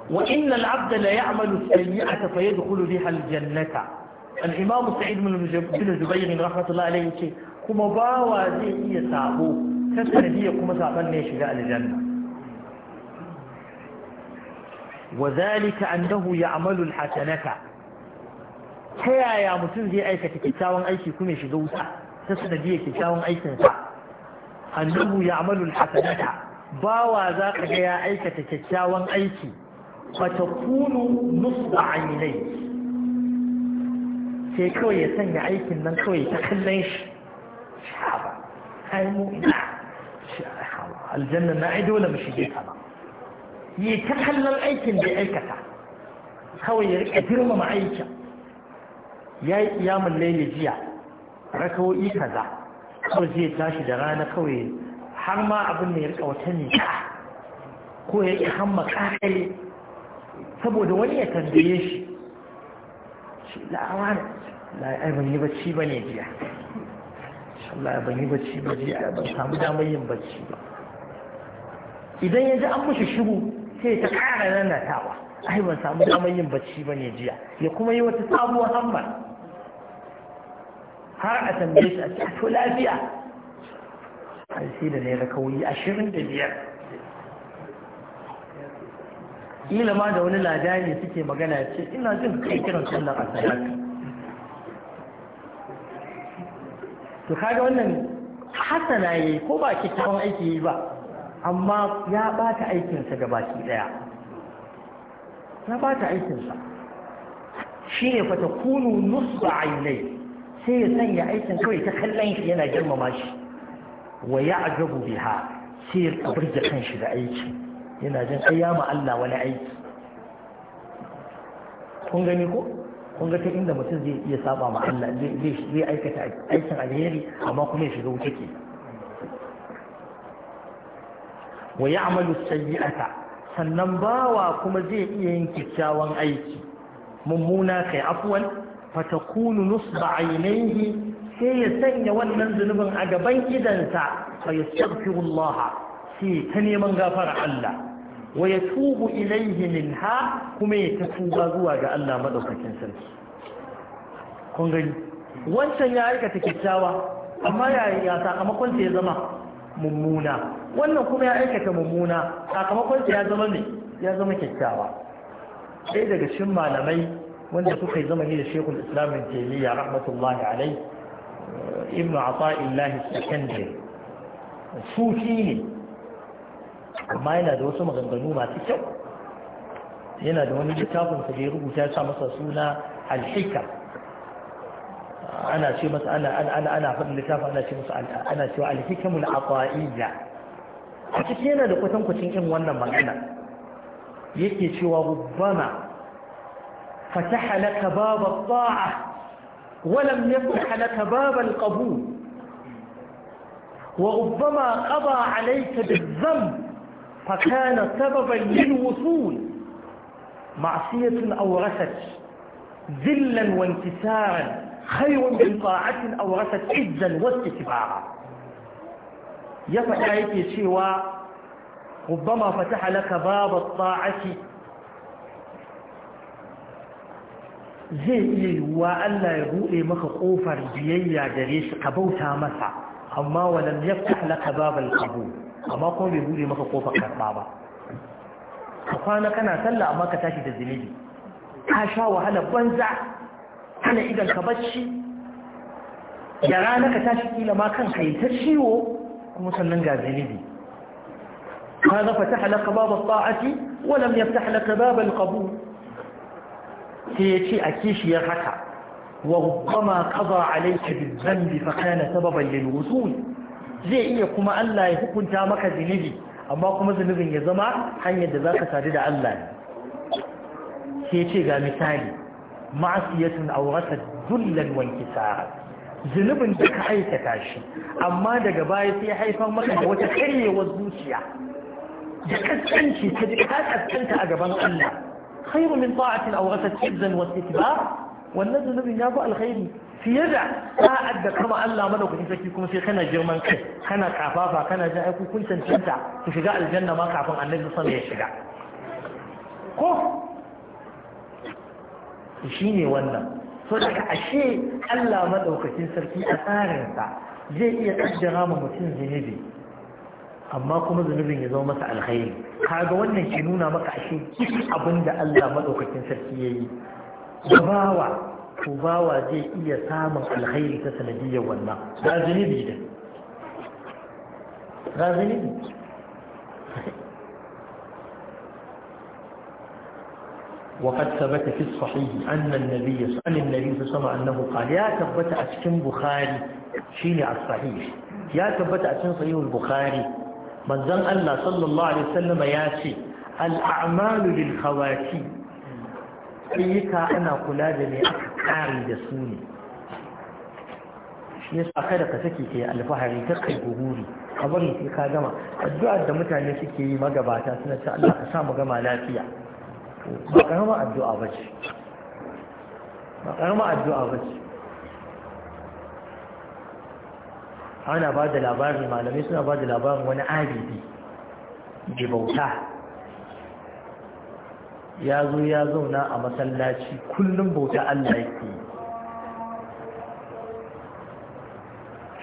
wa inna al'abda la ya'malu sayyi a ta fayyadu kulu riha aljannata al'imam sa'id min rujabbin zubairin rahmatullahi alaihi ce kuma bawa zai iya sabo ta sanadiyya kuma saban ne shiga aljanna wa zalika annahu ya'malu alhasanata ta yaya mutum zai aikata kyakkyawan aiki kuma ya shiga wuta ta sanadiyar kyakkyawan aikinsa annahu ya amalu hasanata bawa za ka ga ya aikata kyakkyawan aiki fata kunu nusba ainai sai kawai ya sanya aikin nan kawai ta kallon shi shaba ai mu ina aljanna na ai dole mu shige ta ba yi ta kallon aikin da ya aikata kawai ya rika girmama aikin ya yi iyamun laili jiya ka kaza a zai tashi da rana kawai har ma abin da ya rika wata nika ko ya yi hamma kakali saboda wani ya tambaye shi shi la'awa la'ai ban yi bacci ba ne jiya Allah ban yi bacci ba jiya ban samu damar yin bacci ba idan ya ji an mushi shigo sai ta ƙara nanatawa ai ban samu damar yin bacci ba ne jiya ya kuma yi wata sabuwar hamba har a tambaye shi a ce lafiya an sai da naira ashirin da biyar ila ma da wani lada ne suke magana ce ina jin kai kiran sallar asalatu to kaga wannan hasana yayi ko ba kitabon aiki yi ba amma ya bata aikinsa gabaki daya ya bata aikinsa shi ne fata kunu nusba ainai sai ya sanya aikin kawai ta kallon shi yana girmama shi wa ya ajabu biha sai ya kabarge kanshi da aiki yana jin ayyama Allah wani aiki kun gani ko kun ga ta inda mutum zai iya saba ma Allah zai aikata aikin alheri amma kuma ya shiga wuce ke wa ya'malu sayyi'ata sannan bawa kuma zai iya yin kyakkyawan aiki mummuna kai afwan fatakunu nusba ainihi sai ya sanya wannan zunubin a gaban idansa fa yastaghfiru Allah sai ta neman gafara Allah wa yatubu ilaihi minha kuma ya tuba zuwa ga Allah madaukakin sarki kun gani wancan ya aikata kyakkyawa amma ya sakamakon ta ya zama mummuna wannan kuma ya aikata mummuna sakamakon ya zama ne ya zama kyakkyawa sai daga cikin malamai wanda suka yi zamani da shekul islam bin taymiya rahmatullahi alai eh, ibn ata'illah sakandari sufi ne amma yana da wasu maganganu masu kyau yana da wani littafin da ya rubuta ya sa masa suna alhikam أنا شيء بس أنا أنا أنا أنا في النكاح أنا شيء مسألة أنا شو على في كم العطائية أتكلم لو قسم قسم إيه وانا ما أنا يكي شو ربما فتح لك باب الطاعة ولم يفتح لك باب القبول وربما قضى عليك بالذنب فكان سببا للوصول معصية أورثت ذلا وانكسارا خير من طاعة أورثت عزا ya يفتح yake cewa ربما فتح لك باب الطاعة zai iya yiwuwa Allah ya buɗe maka ƙofar biyayya gare shi ka bauta masa amma walam ya fi laka amma kuma bai buɗe maka ƙofar karɓa ba ka kana sallah amma ka tashi da zunubi ka sha wahala banza hana idanka bacci ya rana ka tashi kila kan kan haita ciwo kuma sannan ga zinibi ka zafa ta halaka babar ba'afi walam ya ta halaka babar kabu sai ya ce a kishiyar haka wa kuma kaza alaiki bizan bifa kayana sababan lalwutu zai iya kuma allah ya hukunta maka zinibi amma kuma zinibin ya zama hanyar da za ka sadu da allah ne sai ce ga misali ma'asiyatun aurata dullan wanki zunubin da ka aikata shi amma daga baya sai haifar maka da wata karyewar zuciya da kaskanci ta ji ka kaskanta a gaban Allah khairu min ta'atin aurata kizzan wa istitba wannan zunubin ya fi alkhairi fiye da sa'ad da kama Allah madaukakin sarki kuma sai kana girman kai kana kafafa kana jin aiku kun cancanta ku shiga aljanna ma kafin annabi sallallahu ya shiga ko shi ne wannan so daga ashe Allah maɗaukacin sarki a tsarinsa zai iya ƙaddara ma mutum zunubi amma kuma zunubin ya zama masa alkhairi kaga wannan ke nuna maka ashe abin Allah maɗaukacin sarki ya yi bawa bawa zai iya samun alkhairi ta sanadiyar wannan ga zunubi da ga zunubi وقد ثبت في الصحيح أن النبي عن النبي صلى الله عليه وسلم أنه قال يا ثبت أشكن بخاري شيني على الصحيح يا ثبت أشكن صحيح البخاري من ذن الله صلى الله عليه وسلم ياتي الأعمال للخواتي أيكا أنا قلاد لي أكاري دسوني shi yasa kada ka sake kai alfahari ta kai guguri a bari sai ka gama addu'ar da mutane suke yi magabata suna ce Allah ka sa mu gama lafiya ba addu'a ba ce ba addu'a ba ce ana ba da labarin malamai suna ba da labarin wani abidi da bauta ya zo ya zauna a masallaci kullum bauta Allah yake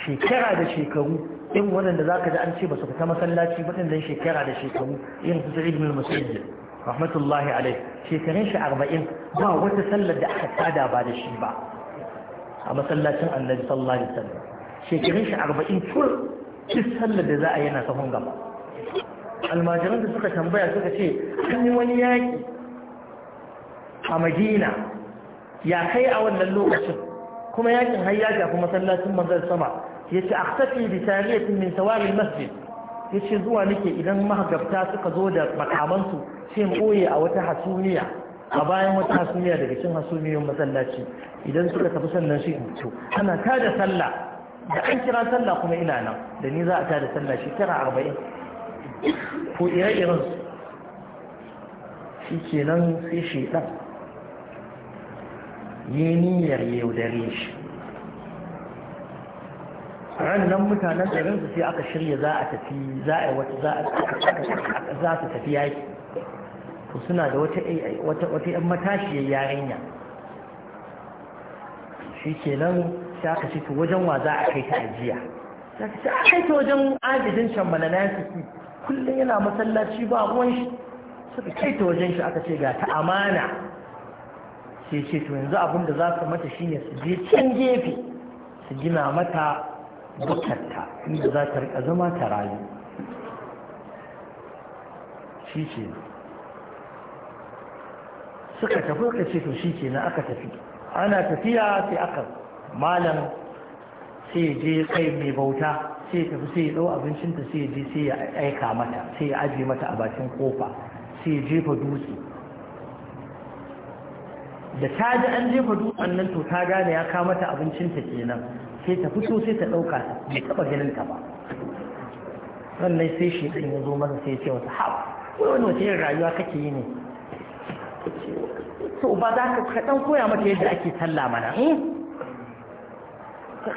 shekara da shekaru in waɗanda za ka ji an ce ba su fita masallaci waɗannan shekara da shekaru irin su sa'id masu musayyid rahmatullahi alai shekarun shi arba'in ba wata sallar da aka tada ba da shi ba a masallacin annabi sallallahu alaihi wasallam shekarun shi arba'in tur duk sallar da za a yana sahun gaba almajiran da suka tambaya suka ce an yi wani yaƙi a madina ya kai a wannan lokacin kuma yakin har ya shafi masallacin manzon sama yace akhtafi bi tariyatin min sawari masjid yace zuwa nake idan mahagabta suka zo da makamansu sai mu ɓoye a wata hasumiya a bayan wata hasumiya daga cin hasumiyoyin masallaci idan suka tafi sannan shi to ana da sallah da an kira sallah kuma ina nan da ni za a tada sallah shekara arba'in ko ire-iren shi ke nan sai shaidan yi niyyar yaudare shi ranar mutanen garinsu sai aka shirya za a tafi za a wata za a tafi yaki to suna da wata yan matashiyar yarinya shi nan sai aka ce to wajen wa za a kai ta ajiya sai aka kai ta wajen abidin shambala na yasuki kullum yana masallaci ba ruwan shi suka kai ta wajen shi aka ce ga ta amana sai ce to yanzu abin da za su mata shine su je can gefe su gina mata bukatta inda za ta rika zama ta rayu shi ce suka tafi ka ce to shi ke na aka tafi ana tafiya sai aka malam sai je kai mai bauta sai tafi sai ya ɗau abincinta sai ya je sai ya aika mata sai ya aje mata a bakin kofa sai ya jefa dutse da ta ji an jefa dutsen nan to ta gane ya kama mata abincinta kenan sai ta fito sai ta ɗauka bai taɓa ganin ta ba sannan sai shi ɗin ya zo masa sai ya ce wata haɓa wani wata yin rayuwa kake yi ne so ba za ka ka dan koya mata yadda ake salla mana eh?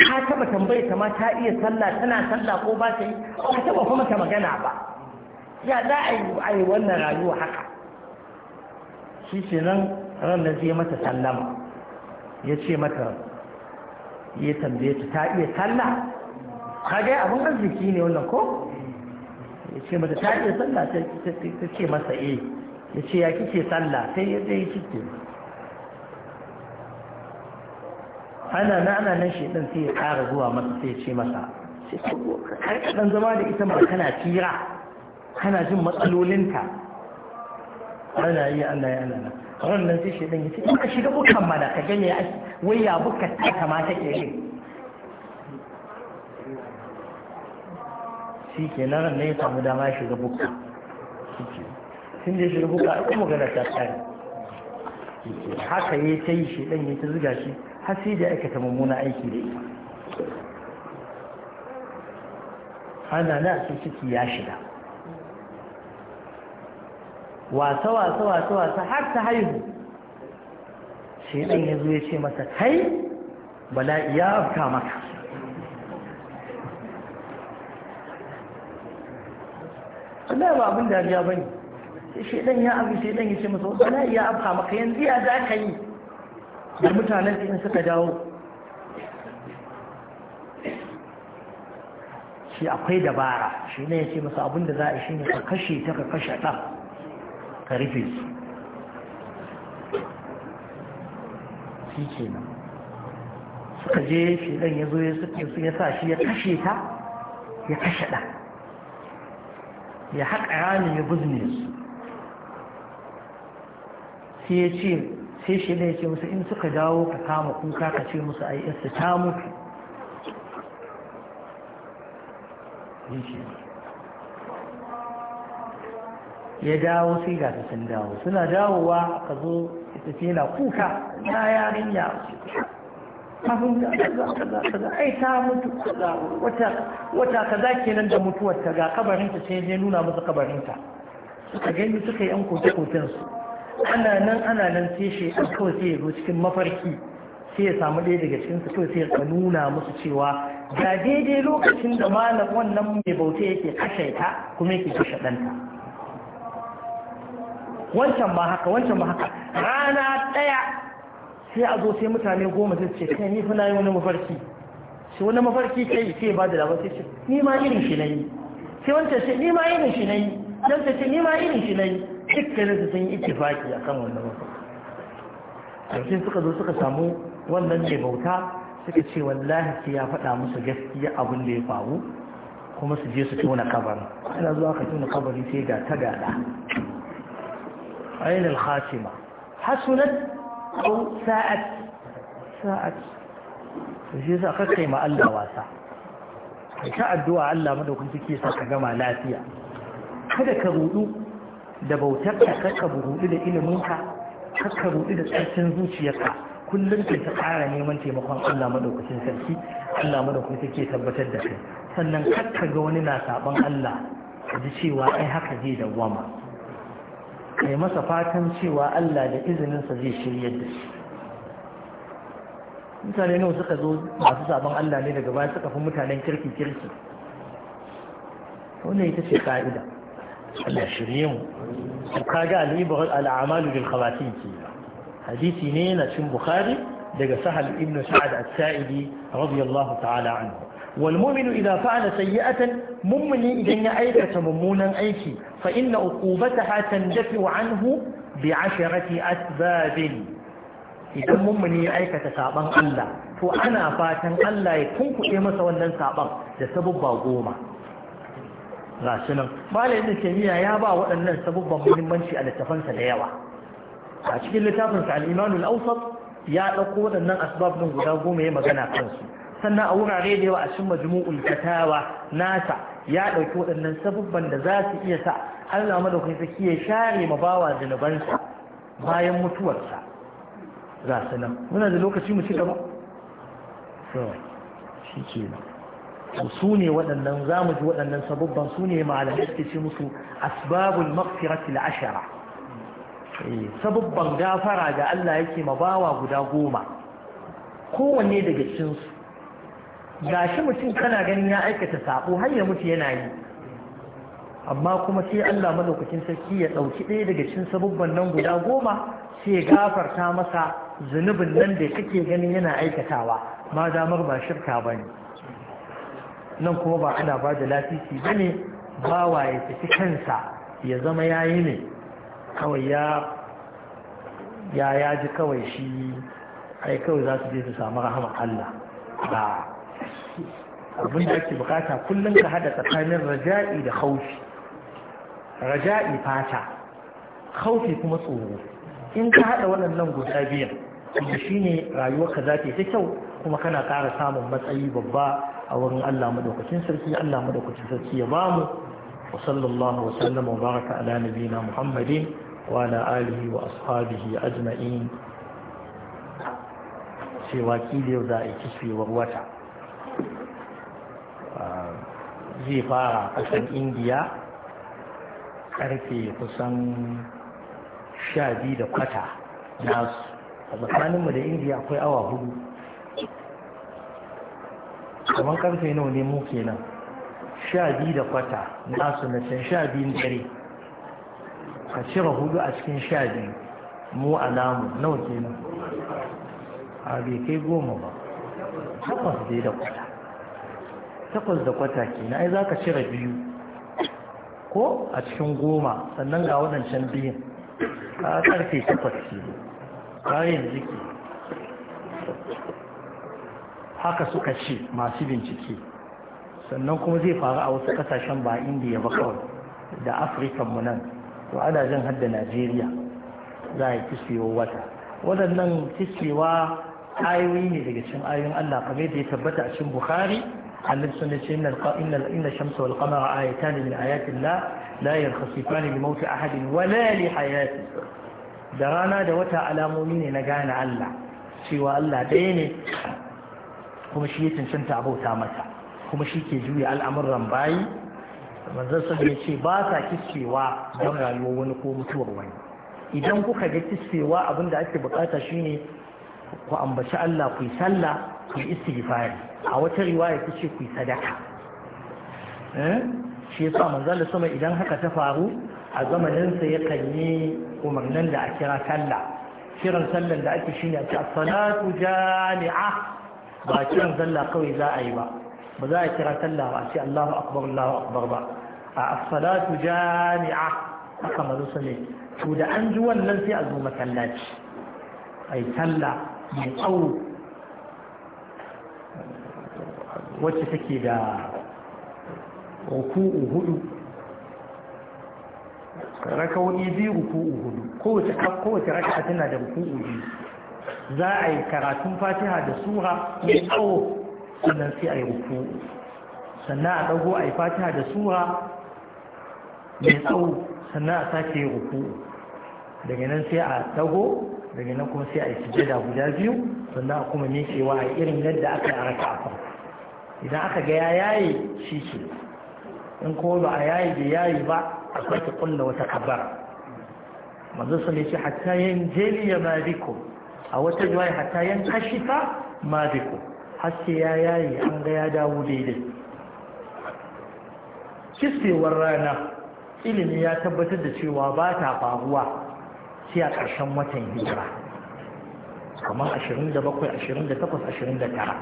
ka taba tambaye ta ma ta iya sallah tana sallah ko ba ta yi ka taba kuma ta magana ba ya za a yi wannan rayuwa haka shi ce nan ran da zai mata sallama ya ce mata ya tambaye ta ta iya Ka ga abin arziki ne wannan ko ya ce mata ta iya sallah ta ce masa eh ya ce ya kike sallah sai ya eh, kike ana na ana nan shi ɗan sai ya ƙara zuwa masa sai ce masa har ɗan zama da ita ba kana tira kana jin matsalolinta ana yi ana yi ana nan sai shi ɗan ya ce ka shiga bukan mana ka gane wai ya buka ta kamata ke yi shi ke nan ne ya samu dama shiga bukan Sun da shi rubuka a kuma gana ta tsari haka ya ta yi shi ɗan ya ta zuga shi har sai da aikata mummuna aiki da ita ana na su ciki ya shiga wasa wasa wasa wasa har ta haihu shi ɗan ya zo ya ce masa kai Bala ya afka maka Allah ba abin dariya ba ne shedan ya abu shedan ya ce masa wala ya abka maka yanzu ya za ka yi da mutanen din suka dawo shi akwai dabara shi ne ya ce masa da za a shi ne ka kashe ta ka kashe ɗan ka rufe su shi ke nan suka je shi ɗan ya zo ya sa shi ya kashe ta ya kashe ɗan ya haƙa ramin ya buzne su sai ya ce sai shi ne ce musu in suka dawo ka kama kuka ka ce musu ai yarsa ta mutu ya dawo sai ga sun dawo suna dawowa aka zo ita ce na kuka na yarinya kafin da kaza kaza ai ta mutu wata wata kaza kenan da mutuwar ta ga kabarinta sai ya nuna musu kabarinta suka gani suka yi an koke koken su ana nan ana nan sai shi an kawai sai ya zo cikin mafarki sai ya samu ɗaya daga cikin su kawai sai ya nuna musu cewa ga daidai lokacin da malam wannan mai bauta yake kashe ta kuma yake kashe ɗanta wancan ma haka wancan ma haka rana ɗaya sai a zo sai mutane goma sai ce kai ni fina na yi wani mafarki sai wani mafarki kai sai ba da labar sai ce ni ma irin shi na yi sai wancan ce ni ma irin shi na yi dan ce ni ma irin shi na yi dukkanin su sun yi ittifaki kan wannan wasu suka zo suka samu wannan ne bauta suka ce wallahi sai ya faɗa musu gaskiya abin da ya faru kuma su je su tona kabari ana zuwa ka tona kabari sai ga ta gada ainihin khasima hasunan ko sa'ad sa'ad su shi sa kakai ma Allah wasa ka addu'a Allah madaukin suke sa ka gama lafiya kada ka rudu da bautar ka kakka burudu da iliminka kakka rudu da tsarkin zuciyarka kullum ka ta ƙara neman taimakon Allah madaukakin sarki Allah madaukakin sarki tabbatar da kai sannan kakka ga wani na saban Allah ka ji cewa ai haka zai dawwama kai masa fatan cewa Allah da izininsa zai shiryar da shi mutane nawa suka zo masu sabon Allah ne daga baya suka fi mutanen kirki kirki wannan ita ce ƙa'ida. Allah shirye mu to kaga al-ibr al-a'mal ke hadisi ne na cin bukhari daga sahal ibn sa'ad al saidi radiyallahu ta'ala anhu wal mu'minu idza fa'ala sayyi'atan mu'mini idan ya aikata mummunan aiki fa inna uqubataha tandafi anhu bi 'asharati asbabin idan mummuni ya aikata saban Allah to ana fatan Allah ya kunkuɗe masa wannan saban da sabubba goma ga shi nan malamin ya ba waɗannan sabubban muhimmanci a littafansa da yawa a cikin littafinsa al-imanul ya ɗauko waɗannan asbab din guda goma ya magana kansu sannan a wurare da yawa a cikin majmu'ul fatawa nasa ya ɗauki waɗannan sabubban da za su iya sa Allah madaukakin sarki ya share ma bawa zunubansa bayan mutuwarsa za su nan muna da lokaci mu ci gaba so shi nan. su ne waɗannan za ji waɗannan sababban su ne malamai suke ce musu asbabul maghfirati ashara eh, sababban gafara ga Allah yake ma bawa guda goma kowanne daga cikin su gashi mutum kana ganin ya aikata sabo har ya mutu yana yi amma kuma sai Allah madaukakin sarki ya ɗauki ɗaya daga cikin sababban nan guda goma sai ya gafarta masa zunubin nan da kake ganin yana aikatawa ma damar ba shirka bane nan kuma ba ana ba da lafifi ba ne Ba wa ya fi kansa ya zama yayi ne kawai ya ya ji kawai shi ai kawai za su je su samu rahama Allah ba abin da ake bukata kullum ka hada tsakanin raja'i da haushi raja'i fata haushi kuma tsoro in ka hada waɗannan guda biyan shi ne rayuwarka za ta yi ta kyau kuma kana ƙara samun matsayi babba a wurin Allah madaukakin sarki Allah madaukakin sarki ya bamu wa sallallahu wa sallama wa baraka ala nabiyina Muhammadin wa ala alihi wa ashabihi ajma'in cewa yau za a yi kiswewar wata ah, zai fara ƙasar indiya karfe kusan sha biyu da kwata nasu a tsakaninmu da indiya akwai awa hudu kamar karfe nawa ne mu kenan sha biyu da kwata su na can sha biyun dare ka cire hudu a cikin sha biyu mu alamu nawa kenan a bai kai goma ba takwas dai da kwata takwas da kwata kenan ai za ka cire biyu ko a cikin goma sannan ga waɗancan biyun a ƙarfe takwas ke kayan jiki haka suka ce masu bincike sannan kuma zai faru a wasu kasashen ba indiya ba kawai da afirka mu nan to ana jin hadda najeriya za a yi kiswewa wata waɗannan kiswewa ayoyi ne daga cin ayoyin allah kamar da ya tabbata a cin bukhari annabi sun ce inna inna shamsa wal qamara ayatan min ayatin la la yarkhasifan li mawti ahadin wa la li hayati da rana da wata alamomi ne na gane allah cewa allah ɗaya ne kuma shi ya cancanta a bauta mata kuma shi ke juya al'amuran bayi manzon sun ya ce ba sa kiskewa don rayuwar wani ko mutuwar wani idan kuka ga kiskewa abin da ake bukata shine ku ambaci Allah ku yi sallah ku yi a wata riwaya ta ce ku yi sadaka eh? shi yasa manzon sama idan haka ta faru a zamaninsa yakan yi umarnin da a kira sallah kiran sallan da ake shine a ce as-salatu jami'a ba a kiran sallah kawai za a yi ba ba za a kira talla ba a ce Allahu akbar Allahu akbar ba a asalatu jami'a aka mazu ne, to da an ji wannan sai a zo masallaci ai talla mai tsawo wacce take da ruku'u hudu rakawoyi biyu ruku'u hudu kowace raka'a tana da ruku'u biyu za a yi karatun fatiha da sura mai tsawo sannan sai a yi ruku sannan a ɗago a yi fatiha da sura mai tsawo sannan a sake yi ruku daga nan sai a ɗago daga nan kuma sai a yi sujada guda biyu sannan a kuma miƙewa a irin yadda aka yi a raka a idan aka ga ya yaye shi ke in ko ba a yayi da yayi ba a sake kulla wata kabara manzo sun ce hatta yin jeliya ma bikum a wata riwaya hatta yan kashifa ma biku haske ya yayi an ga ya dawo daidai kisfewar rana ilimi ya tabbatar da cewa ba ta faruwa sai a ƙarshen watan hijira kamar 27 28 29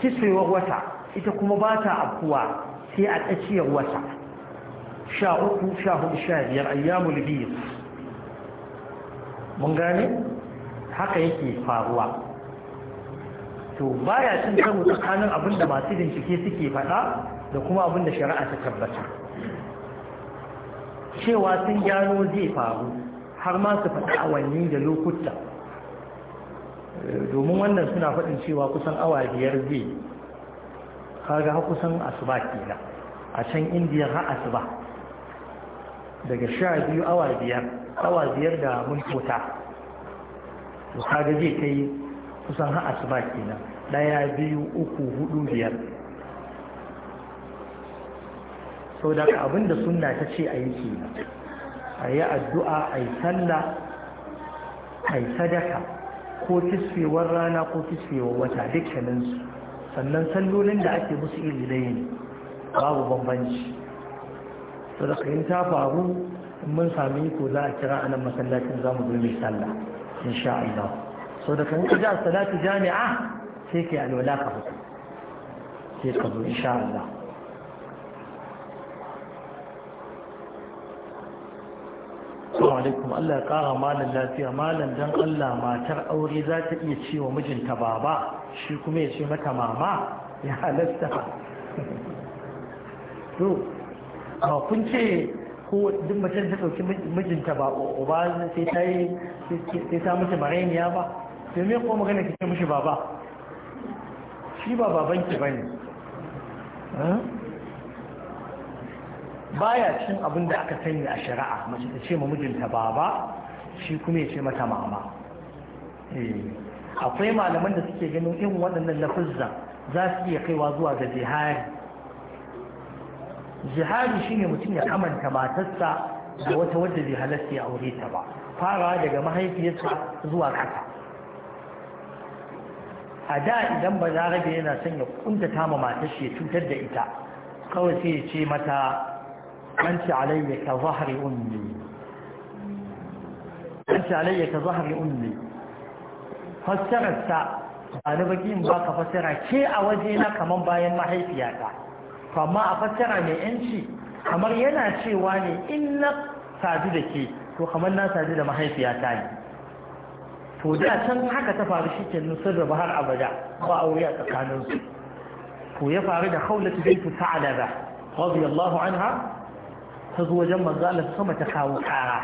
kisfewar wata ita kuma ba ta afkuwa sai a tsakiyar wata 13 14 15 ayyamul biyu mun gane haka yake faruwa to baya cin karo tsakanin abin masu bincike suke faɗa da kuma abin shari'a ta tabbata cewa sun gano zai faru har ma su faɗi awanni da lokuta domin wannan suna faɗin cewa kusan awa biyar zai kaga har kusan asuba kenan a can indiya har asuba daga sha biyu awa biyar awa biyar da mun mulkota to kaga zai kai kusan har asuba kenan daya biyu uku hudu biyar sau da ka abinda sunna ta ce a yi kenan a yi addu'a a yi sallah a yi sadaka ko kisfewar rana ko kisfewar wata dukkaninsu sannan sallolin da ake musu iri da ne babu bambanci sadaka in ta faru mun sami ko za a kira anan masallacin za mu zo mai sallah insha Allah so da kan ka ji salatu jami'a sai ke alwala ka fito sai ka zo insha Allah Assalamu alaikum Allah ya kara malam lafiya malam dan Allah matar aure za ta iya cewa mijinta baba shi kuma ya ce mata mama ya halasta to kun ce ko duk macen ta ɗauki mijinta ba uba sai ta yi sai ta mace marainiya ba domin kuma magana ki ce mishi baba shi ba baban ki bane baya cin abin da aka sanya a shari'a mace ta ce ma mijinta baba shi kuma ya ce mata mama eh, akwai malaman da suke ganin irin waɗannan lafizza za su iya kaiwa zuwa ga jihari jihadi shine mutum ya kamanta matarsa da wata wadda bai halasta ya aure ta ba fara daga mahaifiyarsa zuwa kasa a da idan ba rage yana son ya kuntata ma matar shi ya cutar da ita kawai sai ya ce mata an alayya ka zahari ummi alayya ka zahari ummi fassararsa ba na baki in baka fassara ke a waje na kaman bayan mahaifiyata amma a fassara mai yanci kamar yana cewa ne in na sadu da ke to kamar na sadu da mahaifiya ta ne to da can haka ta faru shi ke nusar da bahar abada ba aure a tsakaninsu to ya faru da haulatu wazi sa'alaba an anha ta zo wajen manzo Allah sama ta kawo kara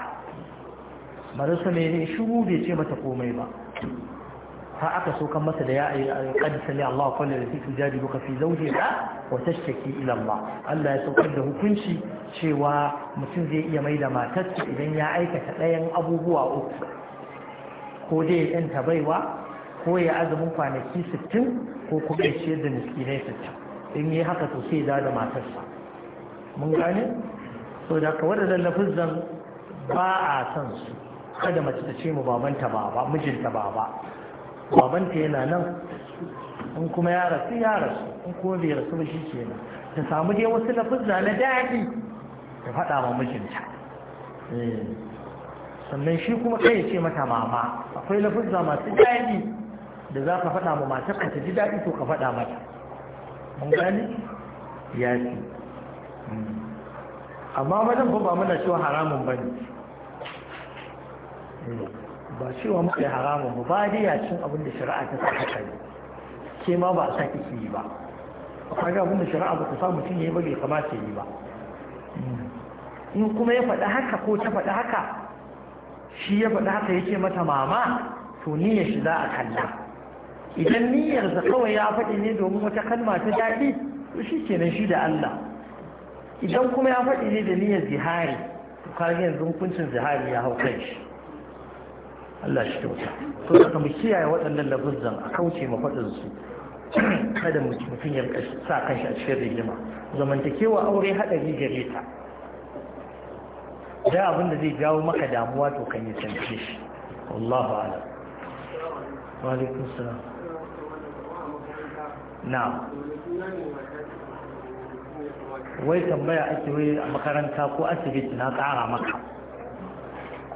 bari su ne shiru bai ce mata komai ba har aka saukan masa da ya qad sami Allah qala lati tujadiluka fi zawjiha wa tashtaki ila Allah Allah ya saukar da hukunci cewa mutum zai iya mai da matarsa idan ya aikata ɗayan abubuwa uku ko dai ya ta baiwa ko ya azumin kwanaki 60 ko kuma ya ciyar da miskinai 60 in yi haka to sai da da matarsa mun gane so da ka wadannan lafizan ba a san su kada mace ta ce mu babanta baba mijinta baba ta yana nan in kuma ya rasu ya rasu in kuma bai rasu ba shi ke nan ta samu dai wasu lafuzza na daɗi ta faɗa ma mijinta eh, sannan shi kuma kai ya ce mata mama akwai lafuzza masu daɗi da za ka faɗa ma matar ka ta ji daɗi to ka faɗa mata mun gani ya ce hmm. amma wajen ba muna cewa haramun ba ne hmm. ba cewa muka yi haramun ba ba dai ya cin abin da shari'a ta sa haka ne ke ma ba a sa kike yi ba kaga abin da shari'a ba ta sa mutum ya yi ba bai kamata yi ba in kuma ya faɗi haka ko ta faɗi haka shi ya faɗi haka yake mata mama to niyyar shi za a kalla idan niyyarsa kawai ya faɗi ne domin wata kalma ta daɗi to shi kenan shi da Allah idan kuma ya faɗi ne da niyyar zihari to kaga yanzu hukuncin zihari ya hau kai shi Allah shi kyauta to saka mu kiyaye waɗannan lafuzzan a kauce ma faɗin su kada mutum ya sa kanshi a cikin rigima zamantakewa aure haɗari gare ta da abin da zai jawo maka damuwa to kan yi cance shi wallahu ala wa alaikum salam na wai tambaya ake wai a makaranta ko asibiti na ƙara maka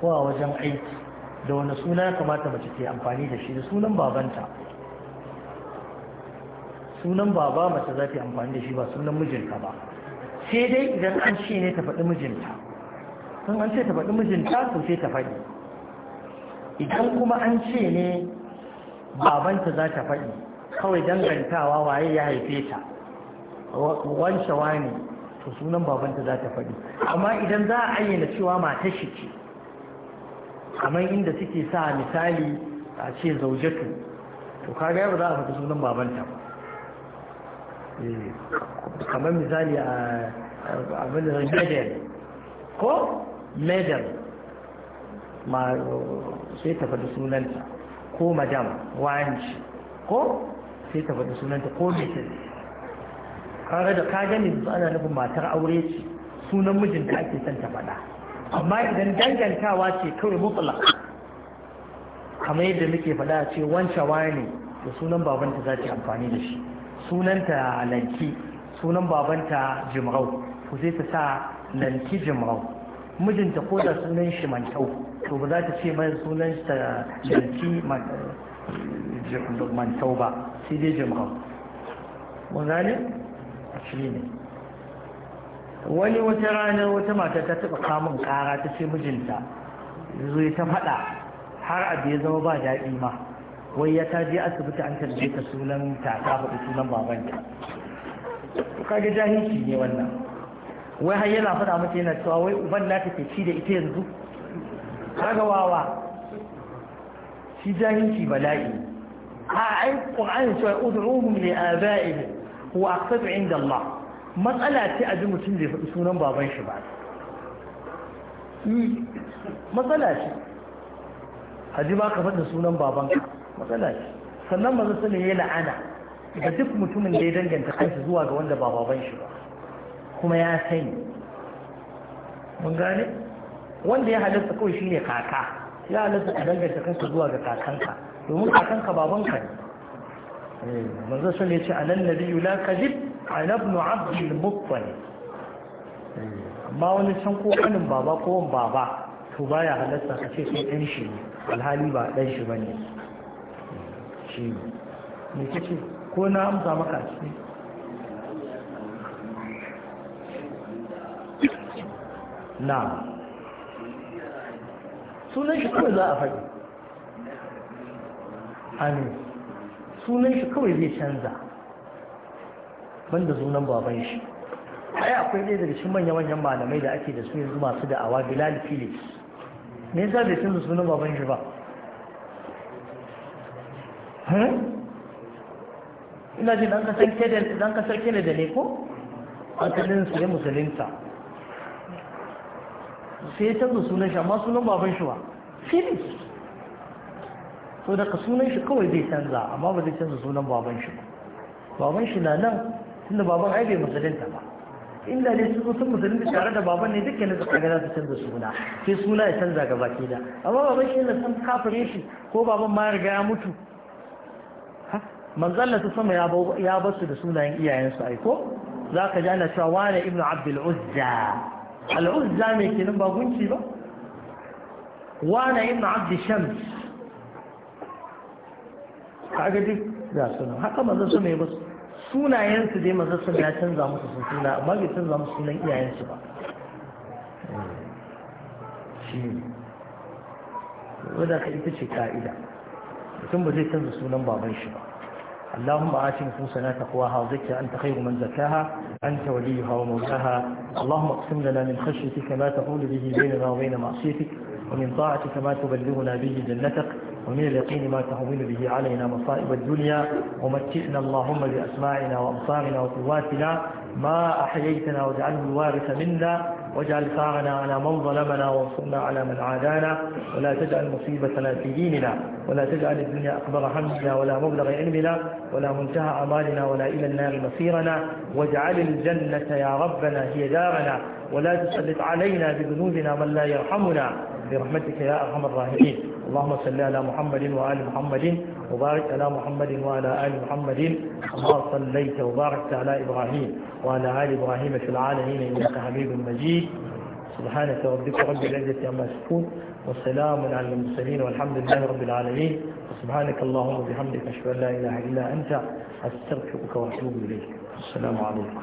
ko a wajen aiki da wani suna ya kamata mace ke amfani da shi da sunan babanta sunan baba mace za ta yi amfani da shi ba sunan mijinta ba sai dai idan an ce ne ta faɗi mijinta sun an ce ta faɗi mijinta to sai ta faɗi idan kuma an ce ne babanta za ta faɗi kawai dangantawa waye ya haife ta wancewa ne? to sunan babanta za ta faɗi amma idan za a ayyana cewa mata shi ce kamar inda suke sa misali a ce zaujatu to kaga ba za a faɗi sunan babanta eh, kamar misali a abin da medal ko medal ma sai ta faɗi sunanta ko madam wanci ko sai ta faɗi sunanta ko mrs kaga da ka gani ana nufin matar aure ce sunan mijinta ake son ta faɗa amma idan dangantawa ce kawai mutlaq kamar yadda muke faɗa ce wancan ne da sunan babanta za ta amfani da shi sunanta lanki sunan babanta jimrau ko sai ta sa lanki jimrau mijinta ko da sunan shi mantau to ba za ta ce mai sunan ta lanki mantau ba sai dai jimrau mun gane shi ne wani wata ranar wata mata ta taɓa kamun ƙara ta ce mijinta yanzu ta faɗa har abu ya zama ba daɗi ma wai ya ta je asibiti an tarbe ta sunan ta ta faɗi sunan babanta kaga jahilci ne wannan wai har yana faɗa mata yana cewa wai uban nata ke ci da ita yanzu kaga wawa shi jahilci bala'i a ai qur'ani cewa ud'uhum li aba'ihim wa aqsatu inda Allah matsala ce a ji mutum ya faɗi sunan baban shi ba hmm. matsala ce a ji ba ka faɗi sunan baban ka matsala ce sannan mazan sani ya la'ana ga duk mutumin da ya danganta kansa zuwa ga wanda ba baban shi ba kuma ya sani mun gane wanda ya halatta kawai shine kaka ya halatta ka danganta kanka zuwa ga kakanka domin kakanka babanka ne eh, manzo sun ya ce anan nabiyyu la kajib ana ibn abdul muttalib amma wani can ko kanin baba ko baba to baya halatta ka ce sai ɗan shi alhali ba ɗan shi bane shi ne kace ko na amsa maka shi na sunan shi kawai za a faɗi amin sunan shi kawai zai canza banda sunan baban shi ai akwai ɗaya daga cikin manya-manyan malamai da ake da su yanzu masu da awa bilal phillips me yasa bai da sunan baban shi ba ina jin dan kasar kenan dan kasar kenan da ne ko asalin su ne musulunta sai ya canza sunan shi amma sunan baban shi ba phillips so daga sunan shi kawai zai canza amma ba zai canza sunan baban shi ba baban shi na nan tunda baban ai bai ta ba inda ne su sun da tare da baban ne dukkanin su kaga za su canza suna ke suna ya canza ga ke da amma baban shi ne san kafire shi ko baban ma riga ya mutu manzalla Allah sama ya basu da sunayen iyayensu ai ko za ka ji ana cewa wane ibnu abdul uzza al uzza mai kenan ba gunci ba wane ibn abd shams kaga duk ga sunan haka manzon sama ya basu sunayensu dai maza sun ya canza musu sun suna amma bai canza musu sunan iyayensu ba shi wadda ka ita ce ka'ida mutum ba zai canza sunan baban shi ba اللهم آتهم فوسنا تقواها وزكها أنت خير من زكاها أنت وليها ومولاها اللهم اقسم لنا من خشيتك ما تقول به بيننا وبين معصيتك ومن طاعتك ما تبلغنا به جنتك ومن اليقين ما تحول به علينا مصائب الدنيا ومتئنا اللهم بأسماعنا وأبصارنا وقواتنا ما أحييتنا واجعله الوارث منا واجعل ثارنا على من ظلمنا وانصرنا على من عادانا ولا تجعل مصيبتنا في ديننا ولا تجعل الدنيا أكبر همنا ولا مبلغ علمنا ولا منتهى أمالنا ولا إلى النار مصيرنا واجعل الجنة يا ربنا هي دارنا ولا تسلط علينا بذنوبنا من لا يرحمنا برحمتك يا أرحم الراحمين اللهم صل على محمد وآل محمد وبارك على محمد وعلى آل محمد كما صليت وباركت على إبراهيم وعلى آل إبراهيم في العالمين إنك حميد مجيد سبحانك ربك رب العزة عما يصفون وسلام على المرسلين والحمد لله رب العالمين سبحانك اللهم وبحمدك أشهد أن لا إله إلا أنت أستغفرك وأتوب إليك السلام عليكم